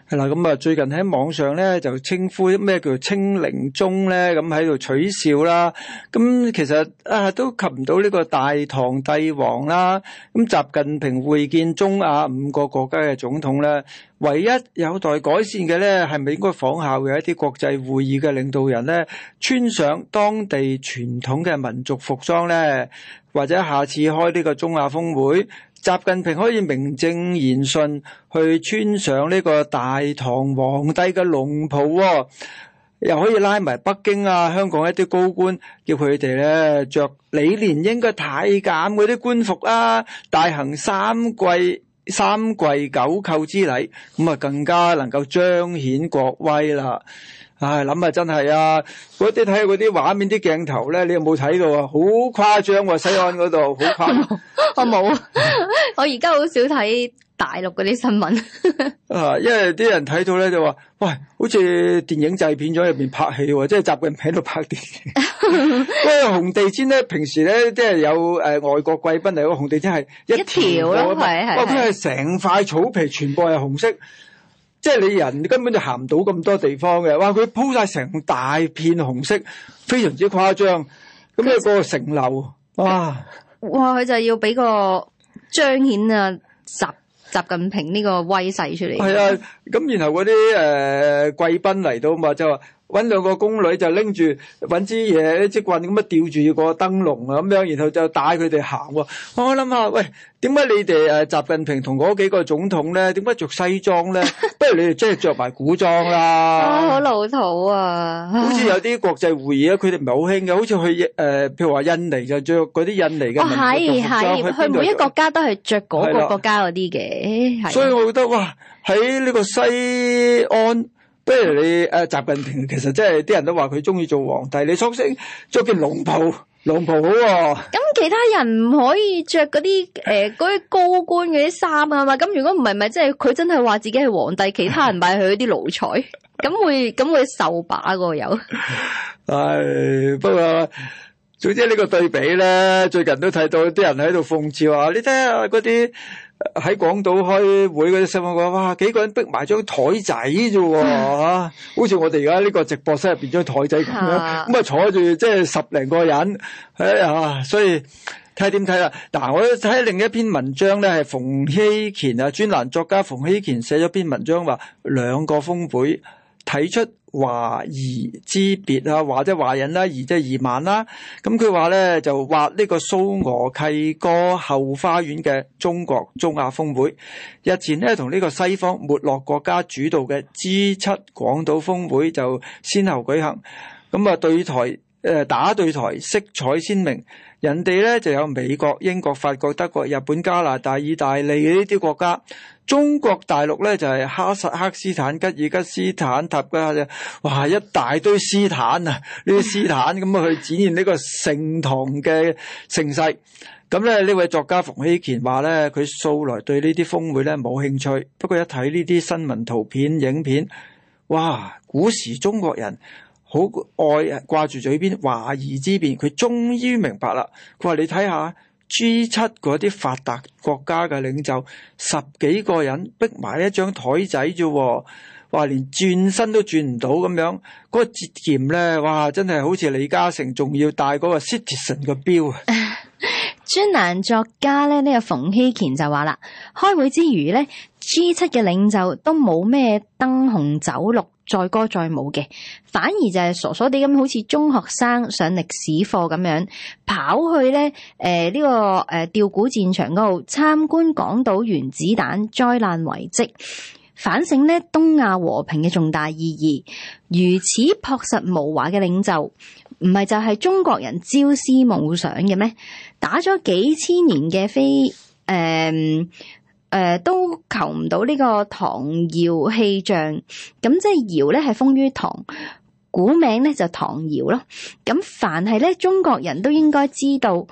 係啦，咁啊，最近喺網上咧就稱呼咩叫做清零宗咧，咁喺度取笑啦。咁其實啊，都及唔到呢個大唐帝王啦。咁習近平會見中亞五個國家嘅總統咧，唯一有待改善嘅咧，係咪應該仿效嘅一啲國際會議嘅領導人咧，穿上當地傳統嘅民族服裝咧，或者下次開呢個中亞峰會？習近平可以名正言順去穿上呢個大唐皇帝嘅龍袍、啊，又可以拉埋北京啊、香港一啲高官，叫佢哋咧着李連英嘅太監嗰啲官服啊，大行三跪三跪九叩之禮，咁啊更加能夠彰顯國威啦！唉，諗啊真係啊，嗰啲睇嗰啲畫面啲鏡頭咧，你有冇睇到啊？好誇張喎，西安嗰度好誇張啊冇。我而家好少睇大陸嗰啲新聞 (laughs) ，啊，因為啲人睇到咧就話，喂，好似電影製片廠入面拍戲喎，即係習近平喺度拍電影。不過、 (laughs) 哎、紅地毯咧，平時咧即係有誒、呃、外國貴賓嚟，個紅地毯係一條咯，係係，不過成塊草皮全部係紅色， (laughs) 即係你人根本就行唔到咁多地方嘅。哇，佢鋪晒成大片紅色，非常之誇張。咁咧個城樓，哇，哇，佢就要俾個。彰顯啊，習習近平呢個威勢出嚟。係啊，咁然後嗰啲誒貴賓嚟到啊嘛，即係話。搵兩個宮女就拎住搵支嘢，一支棍咁啊，吊住個燈籠啊咁樣，然後就帶佢哋行。我諗下，喂，點解你哋誒，習近平同嗰幾個總統咧，點解着西裝咧？不如你哋真係着埋古裝啦。啊，好老土啊！好似有啲國際會議啊，佢哋唔係好興嘅。好似去誒，譬如話印尼就着嗰啲印尼嘅。哦，係係，去每一個國家都係着嗰個國家嗰啲嘅。所以我覺得哇，喺呢個西安。不如你誒，啊、習近平其實真係啲人都話佢中意做皇帝，嗯、你索性着件龍袍，龍袍好喎、啊。咁、嗯、其他人唔可以着嗰啲誒，啲、呃、高官嗰啲衫啊嘛？咁如果唔係，咪即係佢真係話自己係皇帝，其他人咪佢啲奴才，咁 (laughs) 會咁會受把個有，唉， (laughs) 不過總之呢個對比咧，最近都睇到啲人喺度諷刺話，你睇下嗰啲。喺廣島開會嗰啲新聞話，哇，幾個人逼埋張台仔啫，吓， (laughs) 好似我哋而家呢個直播室入邊張台仔咁樣，咁啊 (laughs) (laughs) 坐住即係十零個人，唉、哎、啊，所以睇點睇啦？嗱、啊，我睇另一篇文章咧，係馮睎乾啊專欄作家馮睎乾寫咗篇文章話，兩個峰會。睇出華夷之別啊，華者華人啦，夷即係夷蠻啦。咁佢話咧就話呢個蘇俄契哥後花園嘅中國中亞峰會，日前咧同呢個西方沒落國家主導嘅 G7 廣島峰會就先後舉行。咁、嗯、啊對台誒打對台色彩鮮明。人哋咧就有美國、英國、法國、德國、日本、加拿大、意大利呢啲國家，中國大陸咧就係、是、哈薩克斯坦、吉爾吉斯坦、塔吉克，哇！一大堆斯坦啊，呢啲斯坦咁去展現個堂呢個盛唐嘅盛世。咁咧呢位作家馮睎乾話咧，佢素來對呢啲峰會咧冇興趣，不過一睇呢啲新聞圖片、影片，哇！古時中國人。好愛啊，掛住嘴邊華夷之辯，佢終於明白啦。佢話你睇下 G 七嗰啲發達國家嘅領袖，十幾個人逼埋一張台仔啫，話連轉身都轉唔到咁樣。嗰、那個節儉咧，哇，真係好似李嘉誠仲要戴嗰個 Citizen 嘅錶啊。專欄 (laughs) 作家咧呢、這個馮睎乾就話啦，開會之餘咧，G 七嘅領袖都冇咩燈紅酒綠載歌載舞嘅，反而就係傻傻哋，咁，好似中學生上歷史課咁樣，跑去咧誒呢個誒、呃、吊古戰場嗰度參觀港島原子彈災難遺迹，反省呢東亞和平嘅重大意義。如此朴實無華嘅領袖，唔係就係中國人朝思暮想嘅咩？打咗幾千年嘅飛誒。呃誒、呃、都求唔到呢個唐堯氣象，咁即係堯咧係封於唐古名咧就唐堯咯。咁凡係咧中國人都應該知道，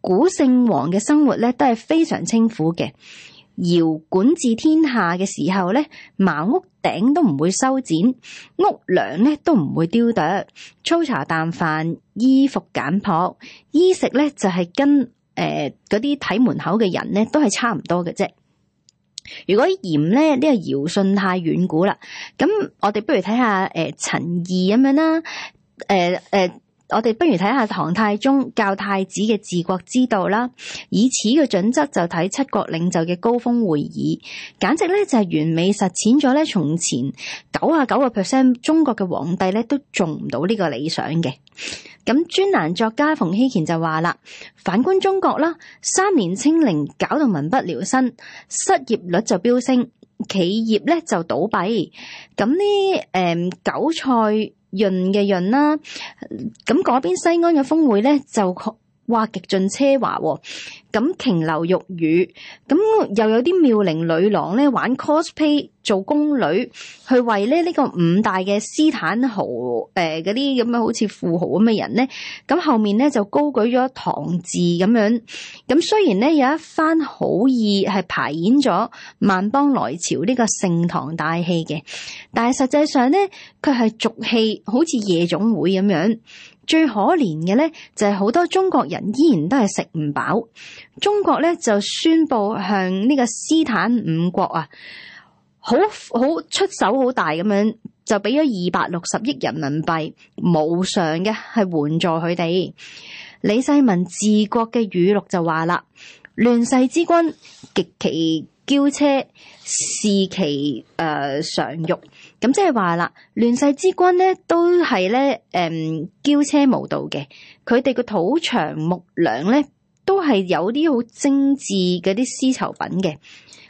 古聖王嘅生活咧都係非常清苦嘅。堯管治天下嘅時候咧，茅屋頂都唔會修剪，屋梁咧都唔會雕琢，粗茶淡飯，衣服簡樸，衣食咧就係、是、跟誒嗰啲睇門口嘅人咧都係差唔多嘅啫。如果嫌咧呢、這個堯舜太遠古啦，咁我哋不如睇下誒陳毅咁樣啦，誒、呃、誒、呃，我哋不如睇下唐太宗教太子嘅治國之道啦，以此嘅準則就睇七國領袖嘅高峰會議，簡直咧就係完美實踐咗咧從前九十九個 percent 中國嘅皇帝咧都做唔到呢個理想嘅。咁專欄作家馮睎乾就話啦，反觀中國啦，三年清零搞到民不聊生，失業率就飆升，企業咧就倒閉。咁呢？誒，韭菜潤嘅潤啦，咁嗰邊西安嘅峰會咧就。哇！極盡奢華喎，哦，咁瓊樓玉宇，咁又有啲妙齡女郎咧玩 cosplay 做宮女，去為咧呢個五大嘅斯坦豪，誒嗰啲咁樣好似富豪咁嘅人咧，咁後面咧就高舉咗唐字咁樣，咁雖然咧有一番好意係排演咗《萬邦來朝》呢個盛唐大戲嘅，但係實際上咧佢係俗氣，好似夜總會咁樣。最可憐嘅咧，就係、是、好多中國人依然都係食唔飽。中國咧就宣布向呢個斯坦五國啊，好好出手好大咁樣，就俾咗二百六十億人民幣，無償嘅係援助佢哋。李世民治國嘅語錄就話啦：亂世之君，極其驕奢，恃其誒上欲。呃常咁即係話啦，亂世之君咧都係咧，誒、嗯，驕奢無道嘅。佢哋個土牆木梁咧都係有啲好精緻嗰啲絲綢品嘅。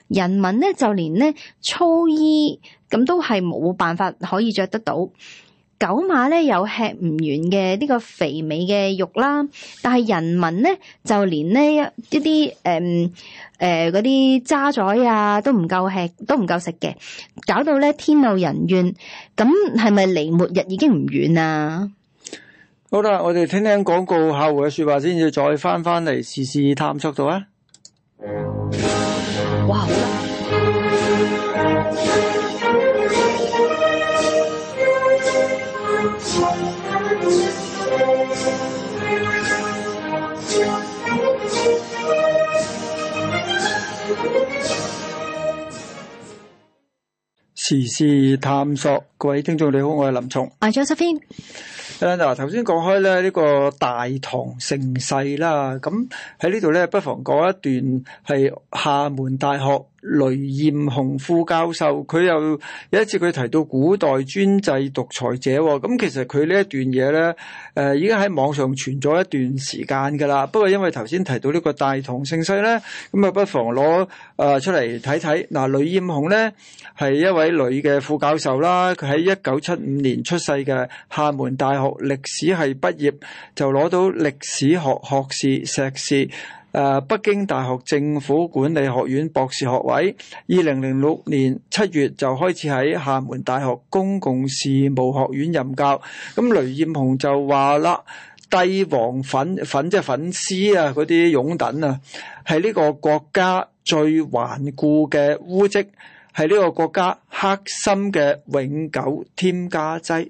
人民咧就連咧粗衣咁都係冇辦法可以着得到。狗馬咧有吃唔完嘅呢個肥美嘅肉啦，但係人民咧就連呢一啲誒誒啲渣仔啊都唔夠吃，都唔夠食嘅，搞到咧天怒人怨，咁係咪離末日已經唔遠啊？好啦，我哋聽聽廣告下回嘅說話先至再翻翻嚟試試探索度啊！哇！時事探索，各位聽眾你好，我係林松，我係 Josephine。嗱，啊，頭先講開咧呢個大唐盛世啦，咁喺呢度咧不妨講一段係廈門大學。雷艷紅副教授，佢又有一次佢提到古代專制獨裁者，咁其實佢呢一段嘢咧，誒、呃、已經喺網上傳咗一段時間噶啦。不過因為頭先提到呢個大唐盛世咧，咁啊不妨攞誒出嚟睇睇。嗱、呃，雷艷紅咧係一位女嘅副教授啦，佢喺一九七五年出世嘅，廈門大學歷史系畢業，就攞到歷史學學士、碩士。誒，北京大學政府管理學院博士學位，二零零六年七月就開始喺廈門大學公共事務學院任教。咁雷艷紅就話啦，帝王粉粉即係粉絲啊，嗰啲擁躉啊，係呢個國家最頑固嘅污漬，係呢個國家黑心嘅永久添加劑。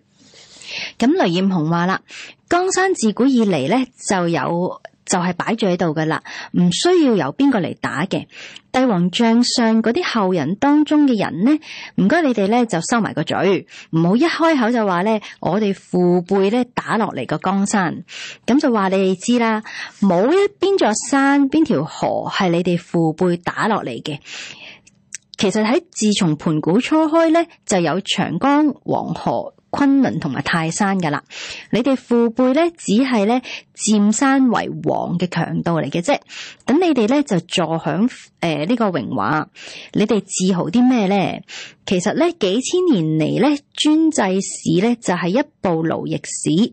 咁雷艷紅話啦，江山自古以嚟咧就有，就係擺住喺度噶啦，唔需要由邊個嚟打嘅。帝王將相嗰啲後人當中嘅人呢，唔該，你哋呢就收埋個嘴，唔好一開口就話呢，我哋父輩呢打落嚟個江山。咁就話你哋知啦，冇一邊座山邊條河係你哋父輩打落嚟嘅。其實喺自從盤古初開呢，就有長江、黃河。昆侖同埋泰山噶啦，你哋父輩咧只係咧占山為王嘅強盜嚟嘅啫，等你哋咧就坐享誒呢、呃這個榮華，你哋自豪啲咩咧？其實咧幾千年嚟咧專制史咧就係、是、一部奴役史，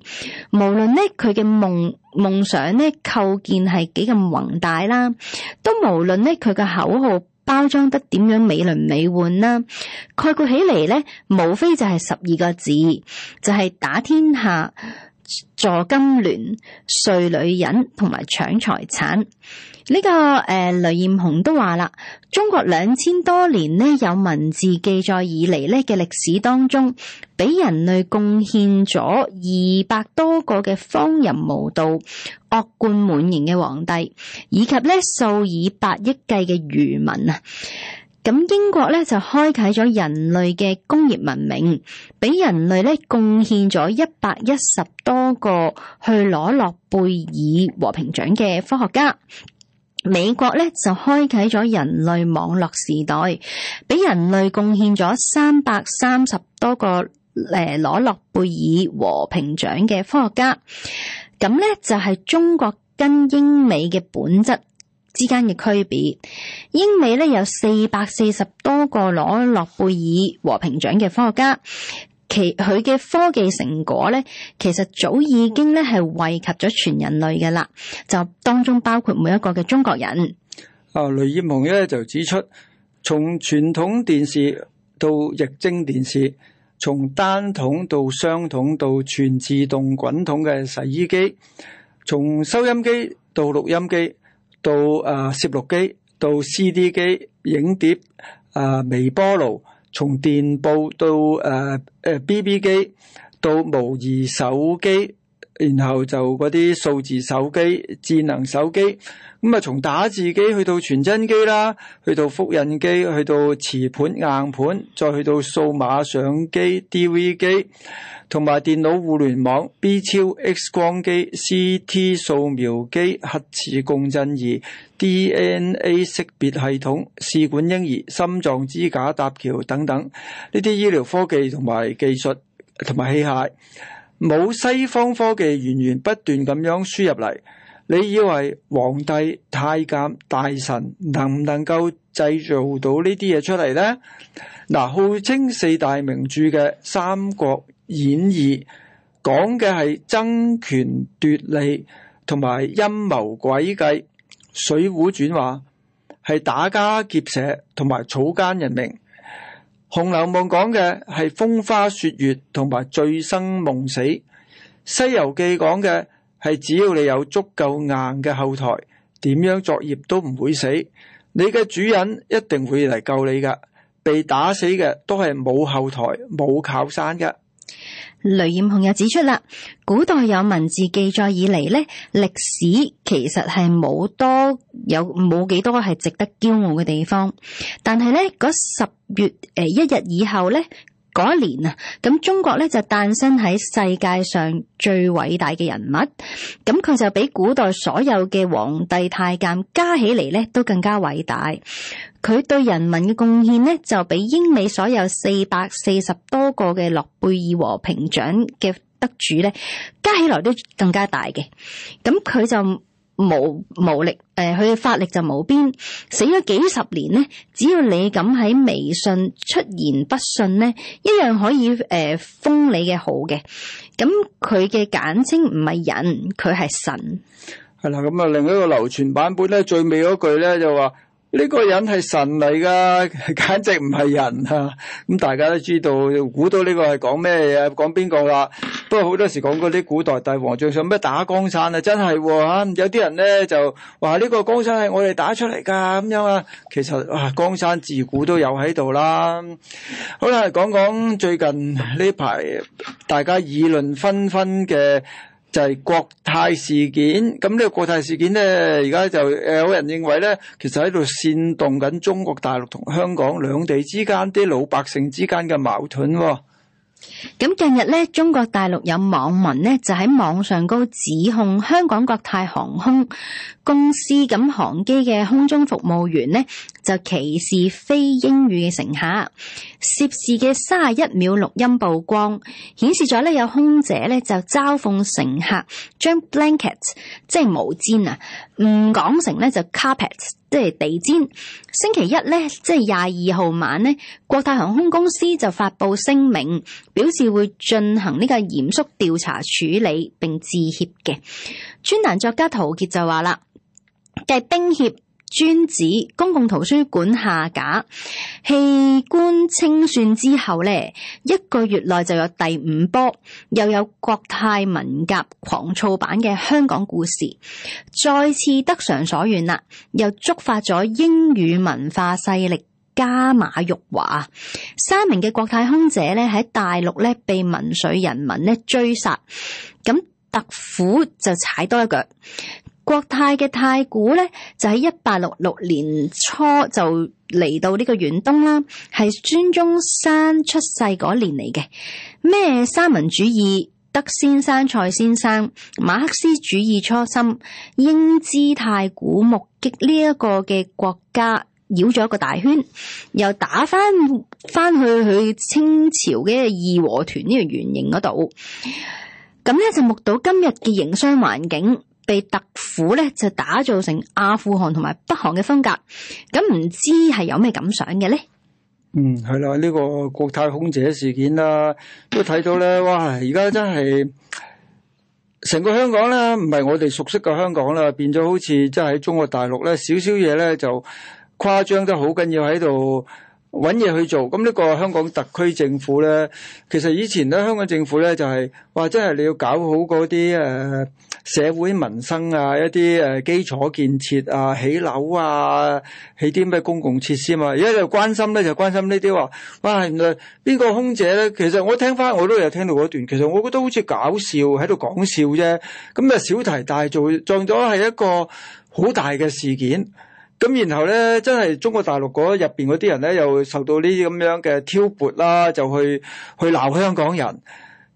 無論咧佢嘅夢夢想咧構建係幾咁宏大啦，都無論咧佢嘅口號。包裝得點樣美輪美奐啦，啊？概括起嚟咧，無非就係十二個字，就係、是、打天下、助金聯、睡女人同埋搶財產。呢、這個誒、呃，雷艷紅都話啦，中國兩千多年呢，有文字記載以嚟呢嘅歷史當中，俾人類貢獻咗二百多個嘅荒淫無道、惡貫滿盈嘅皇帝，以及咧數以百億計嘅愚民啊。咁英國呢，就開啟咗人類嘅工業文明，俾人類呢貢獻咗一百一十多個去攞諾貝爾和平獎嘅科學家。美國咧就開啟咗人類網絡時代，俾人類貢獻咗三百三十多個誒攞諾貝爾和平獎嘅科學家。咁呢，就係中國跟英美嘅本質之間嘅區別。英美呢有四百四十多個攞諾貝爾和平獎嘅科學家。其佢嘅科技成果咧，其實早已經咧係惠及咗全人類嘅啦，就當中包括每一個嘅中國人。啊，雷艷紅咧就指出，從傳統電視到液晶電視，從單筒到雙筒到全自動滾筒嘅洗衣機，從收音機到錄音機到誒攝錄機到，到 CD 機、影碟啊微波爐。從電報到誒誒 BB 機到模擬手機。然後就嗰啲數字手機、智能手機，咁啊從打字機去到傳真機啦，去到複印機，去到磁盤、硬盤，再去到數碼相機、DV 機，同埋電腦、互聯網、B 超、X 光機、CT 掃描機、核磁共振儀、DNA 識別系統、試管嬰兒、心臟支架搭橋等等，呢啲醫療科技同埋技術同埋器械。冇西方科技源源不斷咁樣輸入嚟，你以為皇帝、太監、大臣能唔能夠製造到呢啲嘢出嚟咧？嗱，號稱四大名著嘅《三國演義》講嘅係爭權奪利同埋陰謀詭計，《水滸傳》話係打家劫舍同埋草菅人命。《紅樓夢》講嘅係風花雪月同埋醉生夢死，《西遊記》講嘅係只要你有足夠硬嘅後台，點樣作業都唔會死，你嘅主人一定會嚟救你噶，被打死嘅都係冇後台冇靠山嘅。雷艷紅又指出啦，古代有文字記載以嚟呢，歷史其實係冇多有冇幾多係值得驕傲嘅地方。但係呢嗰十月誒一日以後呢嗰一年啊，咁中國呢就誕生喺世界上最偉大嘅人物，咁佢就比古代所有嘅皇帝太監加起嚟呢，都更加偉大。佢對人民嘅貢獻咧，就比英美所有四百四十多個嘅諾貝爾和平獎嘅得主咧，加起來都更加大嘅。咁佢就無無力，誒、呃，佢嘅法力就無邊，死咗幾十年呢，只要你敢喺微信出言不遜呢，一樣可以誒、呃、封你嘅號嘅。咁佢嘅簡稱唔係人，佢係神。係啦，咁啊，另一個流傳版本咧，最尾嗰句咧就話。呢個人係神嚟噶，簡直唔係人啊！咁大家都知道，估到呢個係講咩嘢，講邊個啦？不過好多時講嗰啲古代帝王，最想咩打江山啊？真係喎嚇！有啲人咧就話呢個江山係我哋打出嚟㗎，咁樣啊！其實哇，江山自古都有喺度啦。好啦，講講最近呢排大家議論紛紛嘅。就係國泰事件，咁呢個國泰事件咧，而家就誒，有人認為咧，其實喺度煽動緊中國大陸同香港兩地之間啲老百姓之間嘅矛盾，哦。咁、嗯、近日咧，中國大陸有網民咧就喺網上高指控香港國泰航空，公司咁航機嘅空中服務員呢，就歧視非英語嘅乘客，涉事嘅卅一秒錄音曝光，顯示咗呢，有空姐呢就嘲諷乘客將 blanket 即係毛氈啊，唔講成呢，就 carpet 即係地氈。星期一呢，即係廿二號晚呢，國泰航空公司就發布聲明，表示會進行呢個嚴肅調查處理，並致歉嘅。專欄作家陶傑就話啦。嘅冰協專指公共圖書館下架器官清算之後呢，一個月內就有第五波，又有國泰文革狂躁版嘅香港故事，再次得償所願啦，又觸發咗英語文化勢力加馬辱華三名嘅國泰空姐呢喺大陸呢被民水人民呢追殺，咁特府就踩多一腳。國泰嘅太古咧，就喺一八六六年初就嚟到呢個遠東啦，係孫中山出世嗰年嚟嘅。咩三民主義、德先生、賽先生、馬克思主義初心，英資太古目擊呢一個嘅國家繞咗一個大圈，又打翻翻去去清朝嘅義和團呢個原型嗰度。咁咧就目睹今日嘅營商環境。被特府咧就打造成阿富汗同埋北韓嘅風格，咁唔知係有咩感想嘅咧？嗯，係啦，呢、呢個國泰空姐事件啦、啊，都睇到咧，哇！而家真係成個香港咧，唔係我哋熟悉嘅香港啦，變咗好似真係喺中國大陸咧，少少嘢咧就誇張得好緊要喺度。揾嘢去做，咁呢個香港特區政府咧，其實以前咧香港政府咧就係、是、話，真係你要搞好嗰啲誒社會民生啊，一啲誒、呃、基礎建設啊，起樓啊，起啲咩公共設施嘛。而家就關心咧，就關心呢啲話，哇，原來邊個空姐咧？其實我聽翻我都有聽到嗰段，其實我覺得好似搞笑喺度講笑啫，咁就小題大做，撞咗係一個好大嘅事件。咁然後咧，真係中國大陸嗰入邊嗰啲人咧，又受到呢啲咁樣嘅挑撥啦，就去去鬧香港人。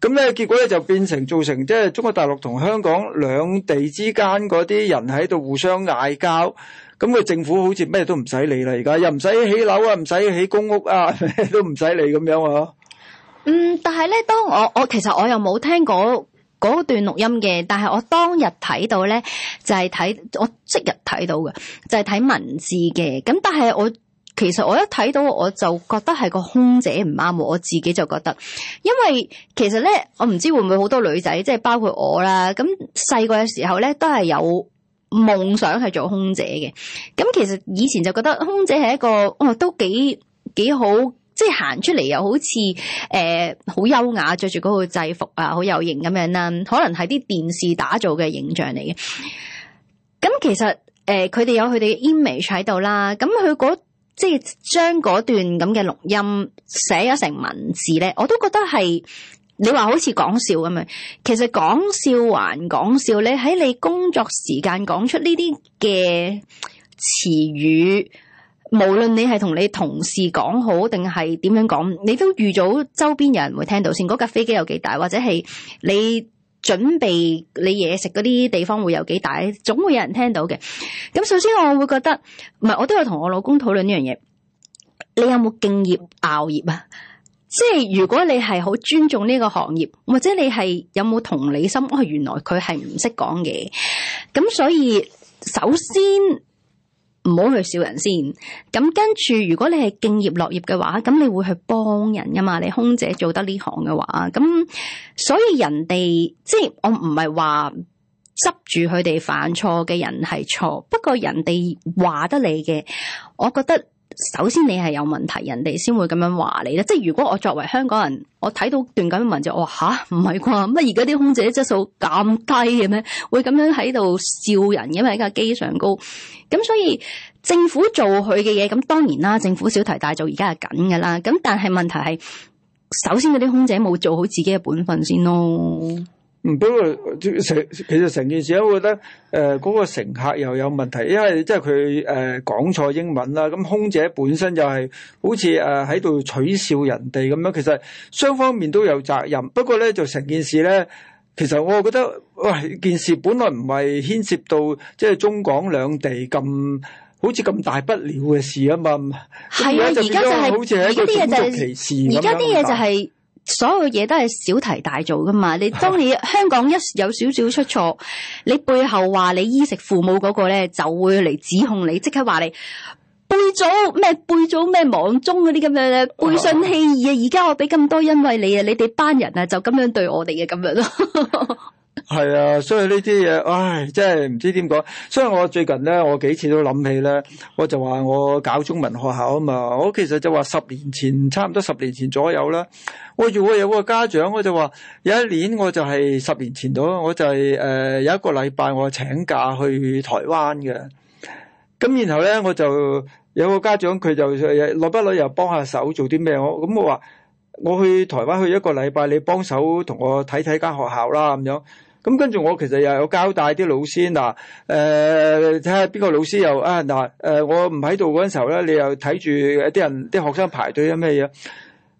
咁、嗯、咧，結果咧就變成造成即係中國大陸同香港兩地之間嗰啲人喺度互相嗌交。咁佢政府好似咩都唔使理啦，而家又唔使起樓啊，唔使起公屋啊，都唔使理咁樣啊。嗯，但係咧，當我我其實我又冇聽過。嗰段錄音嘅，但係我當日睇到咧，就係睇我即日睇到嘅，就係睇文字嘅。咁但係我其實我一睇到我就覺得係個空姐唔啱，我自己就覺得，因為其實咧，我唔知會唔會好多女仔，即係包括我啦。咁細個嘅時候咧，都係有夢想係做空姐嘅。咁其實以前就覺得空姐係一個哦，都幾幾好。即係行出嚟又好似誒好優雅，着住嗰套制服啊，好有型咁樣啦。可能係啲電視打造嘅形象嚟嘅。咁其實誒佢哋有佢哋嘅 image 喺度啦。咁佢嗰即係將嗰段咁嘅錄音寫咗成文字咧，我都覺得係你話好似講笑咁樣。其實講笑還講笑咧，喺你工作時間講出呢啲嘅詞語。無論你係同你同事講好定係點樣講，你都預早周邊有人會聽到先。嗰架飛機有幾大，或者係你準備你嘢食嗰啲地方會有幾大，總會有人聽到嘅。咁首先我會覺得，唔係，我都有同我老公討論呢樣嘢。你有冇敬業、熬業啊？即係如果你係好尊重呢個行業，或者你係有冇同理心？哦，原來佢係唔識講嘢，咁所以首先。唔好去笑人先，咁跟住如果你係敬業樂業嘅話，咁你會去幫人噶嘛？你空姐做得呢行嘅話，咁所以人哋即係我唔係話執住佢哋犯錯嘅人係錯，不過人哋話得你嘅，我覺得。首先你係有問題，人哋先會咁樣話你咧。即係如果我作為香港人，我睇到段咁嘅文字，我話吓唔係啩？乜而家啲空姐質素咁低嘅咩？會咁樣喺度笑人，因為喺架機上高。咁所以政府做佢嘅嘢，咁當然啦，政府小題大做緊，而家係緊嘅啦。咁但係問題係，首先嗰啲空姐冇做好自己嘅本分先咯。唔，不過成其實成件事，我覺得誒，嗰、呃那個乘客又有問題，因為即係佢誒講錯英文啦。咁空姐本身就係好似誒喺度取笑人哋咁樣，其實雙方面都有責任。不過咧，就成件事咧，其實我覺得，喂、呃，件事本來唔係牽涉到即係、就是、中港兩地咁，好似咁大不了嘅事啊嘛。係啊，就而家就係好似係一個種族歧視，而家啲嘢就係。所有嘢都係小題大做噶嘛，你當你香港有一有少少出錯，你背後話你衣食父母嗰個咧，就會嚟指控你，即刻話你背祖咩背祖咩忘宗嗰啲咁樣背信棄義啊！而家我俾咁多因為你啊，你哋班人啊就咁樣對我哋嘅咁樣咯。 (laughs) 係啊，所以呢啲嘢，唉，真係唔知點講。所以我最近咧，我幾次都諗起咧，我就話我搞中文學校啊嘛。我其實就話十年前，差唔多十年前左右啦。我如果有個家長，我就話有一年，我年，我就係十年前度，我就係誒有一個禮拜，我請假去台灣嘅。咁然後咧，我就有個家長，佢就落不落又幫下手做啲咩？我咁我話。我去台灣去一個禮拜，你幫手同我睇睇間學校啦咁樣。咁跟住我其實又有交代啲老師嗱，誒睇下邊個老師又啊嗱，誒、呃、我唔喺度嗰陣時候咧，你又睇住一啲人啲學生排隊啊咩嘢？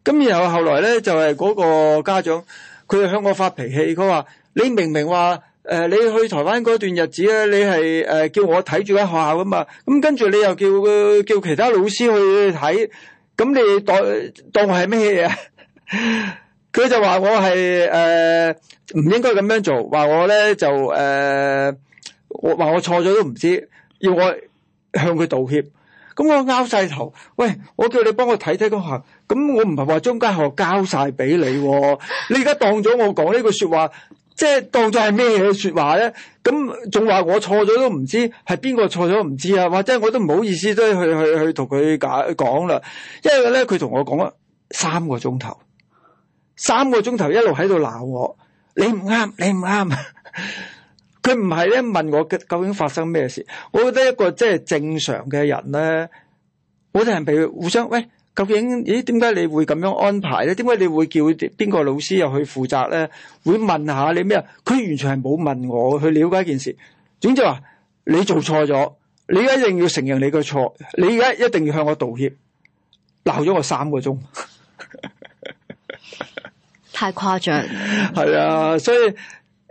咁然後後來咧就係、是、嗰個家長，佢向我發脾氣，佢話你明明話誒、呃、你去台灣嗰段日子咧，你係誒、呃、叫我睇住間學校噶嘛？咁跟住你又叫佢叫其他老師去睇，咁你當當係咩嘢？ (laughs) 佢 (laughs) 就話我係誒唔應該咁樣做，話我咧就誒、呃，我話我錯咗都唔知，要我向佢道歉。咁、嗯、我拗晒頭，喂，我叫你幫我睇睇功課，咁我唔係話將功課交晒俾你，你而家當咗我講呢句說話，即係當咗係咩嘢說話咧？咁仲話我錯咗都唔知，係邊個錯咗唔知啊？或者我都唔好意思都去去去同佢解講啦，因為咧佢同我講咗三個鐘頭。三個鐘頭一路喺度鬧我，你唔啱，你唔啱。佢唔係咧問我究竟發生咩事。我覺得一個即係正常嘅人咧，我哋人會互相喂，究竟咦點解你會咁樣安排咧？點解你會叫邊個老師又去負責咧？會問下你咩？佢完全係冇問我去了解一件事。總之話你做錯咗，你一定要承認你嘅錯，你而家一定要向我道歉。鬧咗我三個鐘。 (laughs) 太誇張，係 (laughs) 啊！所以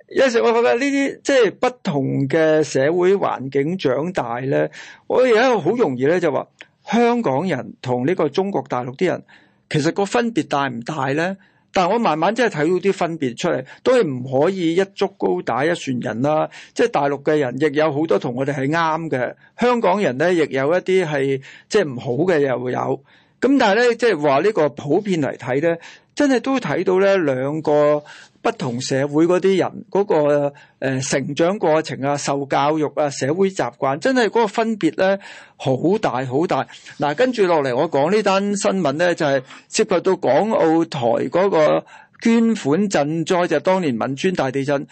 有時我覺得呢啲即係不同嘅社會環境長大咧，我而家好容易咧就話、是、香港人同呢個中國大陸啲人其實個分別大唔大咧？但係我慢慢即係睇到啲分別出嚟，都係唔可以一竹篙打一船人啦。即、就、係、是、大陸嘅人亦有好多同我哋係啱嘅，香港人咧亦有一啲係即係唔好嘅又會有。咁但係咧，即係話呢個普遍嚟睇咧。真係都睇到咧，兩個不同社會嗰啲人嗰、嗰個、呃、成長過程啊、受教育啊、社會習慣，真係嗰個分別咧好大好大。嗱，跟住落嚟我講呢單新聞咧，就係涉及到港澳台嗰個捐款賑災，就係、係、當年汶川大地震。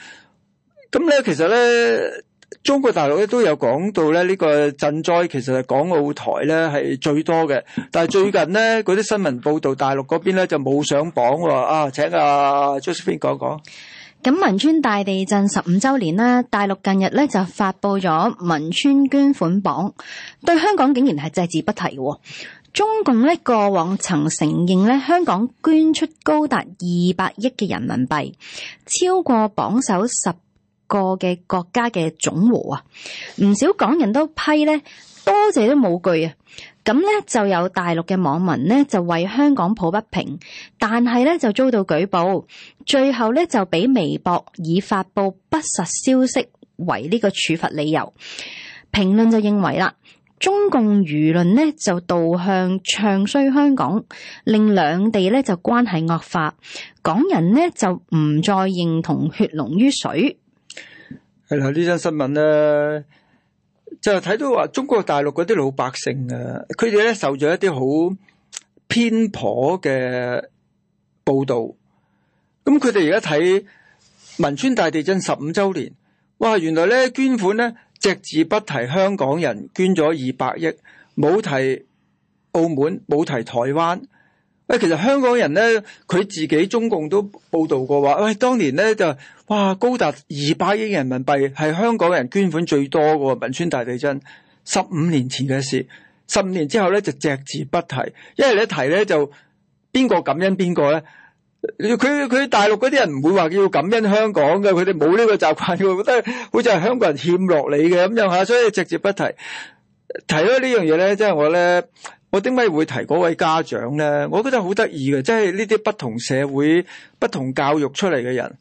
咁咧，其實咧。中國大陸咧都有講到咧呢個賑災，其實係港澳台咧係最多嘅。但係最近呢嗰啲新聞報道，大陸嗰邊咧就冇上榜喎。啊，請阿、啊、Josephine 講講。咁汶川大地震十五周年啦，大陸近日咧就發布咗汶川捐款榜，對香港竟然係隻字不提嘅、哦。中共呢過往曾承認咧香港捐出高達二百億嘅人民幣，超過榜首十個嘅國家嘅總和啊，唔少港人都批呢，多謝都冇句啊。咁呢就有大陸嘅網民呢，就為香港抱不平，但係呢就遭到舉報，最後呢，就俾微博以發佈不實消息為呢個處罰理由。評論就認為啦，中共輿論呢就導向唱衰香港，令兩地呢就關係惡化，港人呢就唔再認同血濃於水。係啦，呢張新聞咧，就睇到話中國大陸嗰啲老百姓啊，佢哋咧受咗一啲好偏頗嘅報道，咁佢哋而家睇汶川大地震十五周年，哇！原來咧捐款咧隻字不提香港人，捐咗二百億，冇提澳門，冇提台灣。喂，其實香港人咧，佢自己中共都報道過話，喂，當年咧就哇高達二百億人民幣係香港人捐款最多噶，汶川大地震十五年前嘅事，十五年之後咧就隻字不提，因為你一提咧就邊個感恩邊個咧？佢佢大陸嗰啲人唔會話叫感恩香港嘅，佢哋冇呢個習慣，覺得好似係香港人欠落你嘅咁樣吓，所以直接不提。提咗呢樣嘢咧，即係我咧。我點解會提嗰位家長咧？我覺得好得意嘅，即係呢啲不同社會、不同教育出嚟嘅人。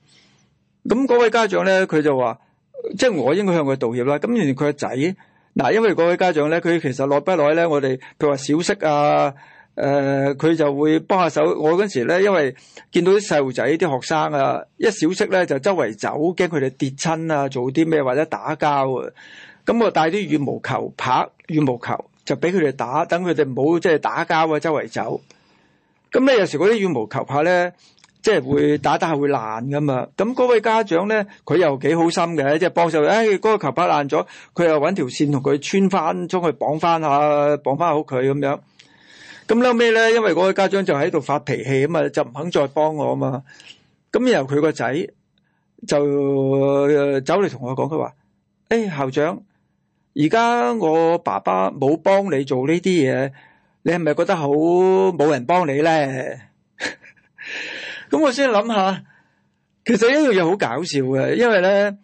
咁嗰位家長咧，佢就話，即係我應該向佢道歉啦。咁原來佢個仔，嗱，因為嗰位家長咧，佢其實耐不耐咧，我哋佢話小息啊，誒、呃，佢就會幫下手。我嗰時咧，因為見到啲細路仔、啲學生啊，一小息咧就周圍走，驚佢哋跌親啊，做啲咩或者打交啊。咁我帶啲羽毛球拍、羽毛球。就俾佢哋打，等佢哋唔好即係打交啊，周圍走，咁咧有時嗰啲羽毛球拍咧，即係會打打下會爛噶嘛。咁嗰位家長咧，佢又幾好心嘅，即係幫手。誒、哎，嗰、那個球拍爛咗，佢又搵條線同佢穿翻，將佢綁翻下，綁翻好佢咁樣。咁後尾咧，因為嗰位家長就喺度發脾氣，啊嘛，就唔肯再幫我啊嘛。咁然後佢個仔就、呃、走嚟同我講，佢話：誒、哎，校長。而家我爸爸冇幫你做呢啲嘢，你係咪覺得好冇人幫你咧？咁 (laughs) 我先諗下，其實一樣嘢好搞笑嘅，因為咧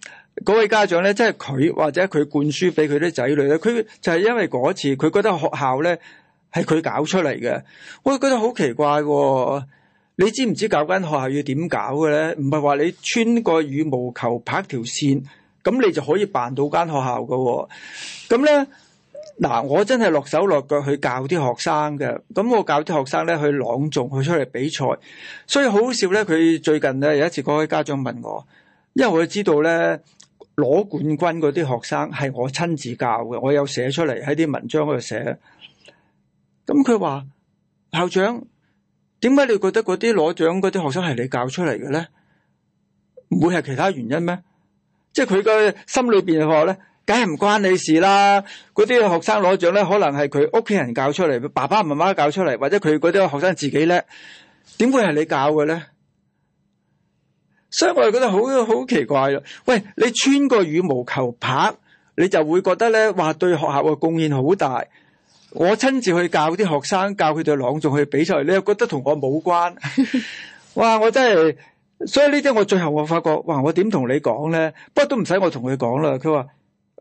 位家長咧，即係佢或者佢灌輸俾佢啲仔女咧，佢就係因為嗰次佢覺得學校咧係佢搞出嚟嘅，我覺得好奇怪喎、哦！你知唔知搞間學校要點搞嘅咧？唔係話你穿過羽毛球拍條線。咁你就可以辦到間學校嘅、哦，咁咧嗱，我真係落手落腳去教啲學生嘅，咁我教啲學生咧去朗誦，去出嚟比賽。所以好笑咧，佢最近咧有一次，嗰位家長問我，因為我知道咧攞冠軍嗰啲學生係我親自教嘅，我有寫出嚟喺啲文章嗰度寫。咁佢話校長，點解你覺得嗰啲攞獎嗰啲學生係你教出嚟嘅咧？會係其他原因咩？即係佢個心裏邊學咧，梗係唔關你事啦。嗰啲學生攞獎咧，可能係佢屋企人教出嚟，爸爸媽媽教出嚟，或者佢嗰啲學生自己叻，點會係你教嘅咧？所以我又覺得好好奇怪咯。喂，你穿過羽毛球拍，你就會覺得咧，話對學校嘅貢獻好大。我親自去教啲學生，教佢哋朗誦去比賽，你又覺得同我冇關。 (laughs) 哇，我真係～所以呢啲我最後我發覺，哇！我點同你講咧？不過都唔使我同佢講啦。佢話：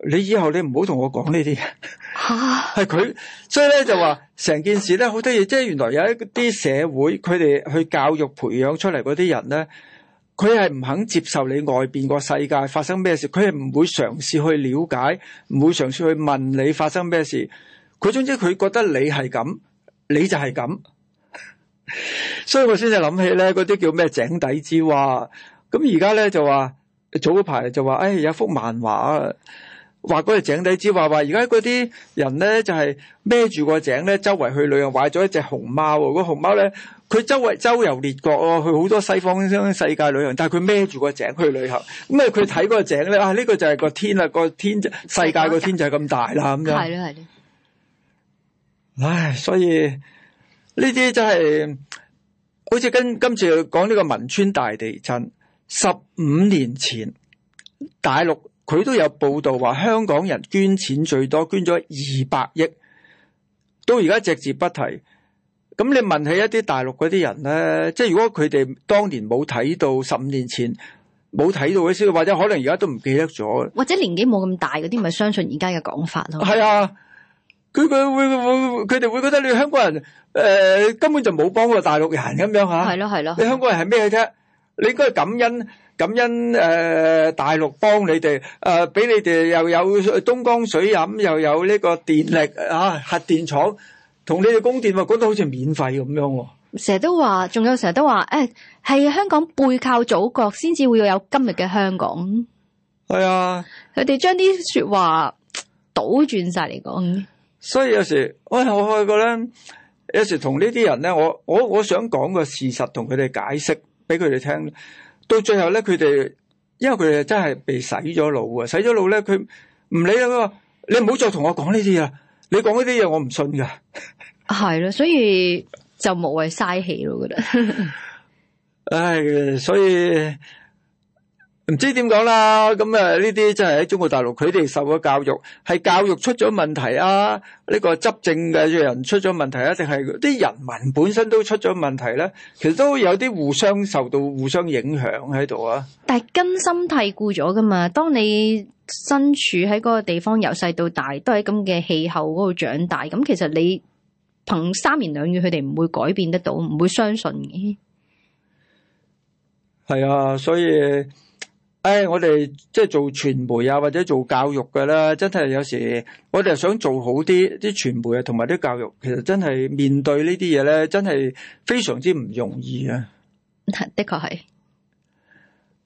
你以後你唔好同我講呢啲。吓，係佢。所以咧就話成件事咧好多嘢，即係原來有一啲社會佢哋去教育培養出嚟嗰啲人咧，佢係唔肯接受你外邊個世界發生咩事，佢係唔會嘗試去了解，唔會嘗試去問你發生咩事。佢總之佢覺得你係咁，你就係咁。所以我先至諗起咧嗰啲叫咩井底之蛙，咁而家咧就話早排就話，誒、哎、有幅漫畫畫嗰個井底之蛙，話而家嗰啲人咧就係孭住個井咧周圍去旅行，買咗一隻熊貓，個熊貓咧佢周圍周遊列國哦，去好多西方世界旅行，但係佢孭住個井去旅行，咁啊佢睇嗰個井咧啊呢個就係個天啦、啊，個天世界個天就係咁大啦咁樣，係咯係咯，唉所以。呢啲真係好似跟今次講呢個汶川大地震十五年前，大陸佢都有報道話香港人捐錢最多，捐咗二百億，到而家只字不提。咁你問起一啲大陸嗰啲人咧，即係如果佢哋當年冇睇到十五年前冇睇到嘅時候，或者可能而家都唔記得咗，或者年紀冇咁大嗰啲，咪相信而家嘅講法咯。係啊。佢佢會會佢哋會覺得你香港人誒、呃、根本就冇幫過大陸人咁樣吓，係咯，係咯，你香港人係咩嘅啫？你應該感恩感恩誒、呃，大陸幫你哋誒，俾、啊、你哋又有東江水飲，又有呢個電力啊，核電廠同你哋供電，咪覺得好似免費咁樣、啊。成日都話，仲有成日都話，誒、哎，係香港背靠祖國，先至會有今日嘅香港。係啊的，佢哋將啲說話倒轉晒嚟講。所以有時，我、哎、我去過咧，有時同呢啲人咧，我我我想講個事實，同佢哋解釋俾佢哋聽。到最後咧，佢哋因為佢哋真係被洗咗腦啊！洗咗腦咧，佢唔理啦，你唔好再同我講呢啲啊！你講呢啲嘢，我唔信噶。係咯，所以就無謂嘥氣咯，我覺得。唉、 (laughs) 哎，所以。唔知點講啦，咁誒呢啲真係喺中國大陸，佢哋受咗教育，係教育出咗問題啊？呢個執政嘅人出咗問題啊？定係啲人民本身都出咗問題咧？其實都有啲互相受到互相影響喺度啊。但係根深蒂固咗噶嘛，當你身處喺嗰個地方，由細到大都喺咁嘅氣候嗰度長大，咁其實你憑三言兩語，佢哋唔會改變得到，唔會相信嘅。係啊，所以。誒、哎，我哋即係做傳媒啊，或者做教育噶啦，真係有時我哋想做好啲啲傳媒啊，同埋啲教育，其實真係面對呢啲嘢咧，真係非常之唔容易啊。的確係。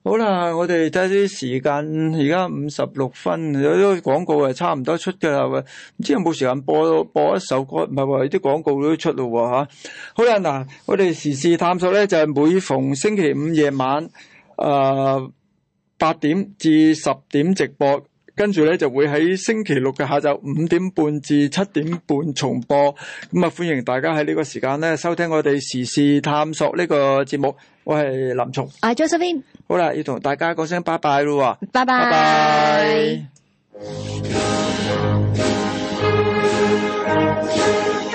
好啦，我哋睇下啲時間，而家五十六分，有啲廣告係，差唔多出噶啦，喂，唔知有冇時間播播一首歌，唔係話啲廣告都出咯吓。好啦，嗱，我哋時事探索咧，就係、是、每逢星期五夜晚，誒、呃。八點至十點直播，跟住咧就會喺星期六嘅下晝五點半至七點半重播。咁、嗯、啊，歡迎大家喺呢個時間咧收聽我哋時事探索呢、呢個節目。我係林松，啊，我係 Josephine，好啦，要同大家講聲拜拜咯。話拜拜，拜拜 bye。Bye bye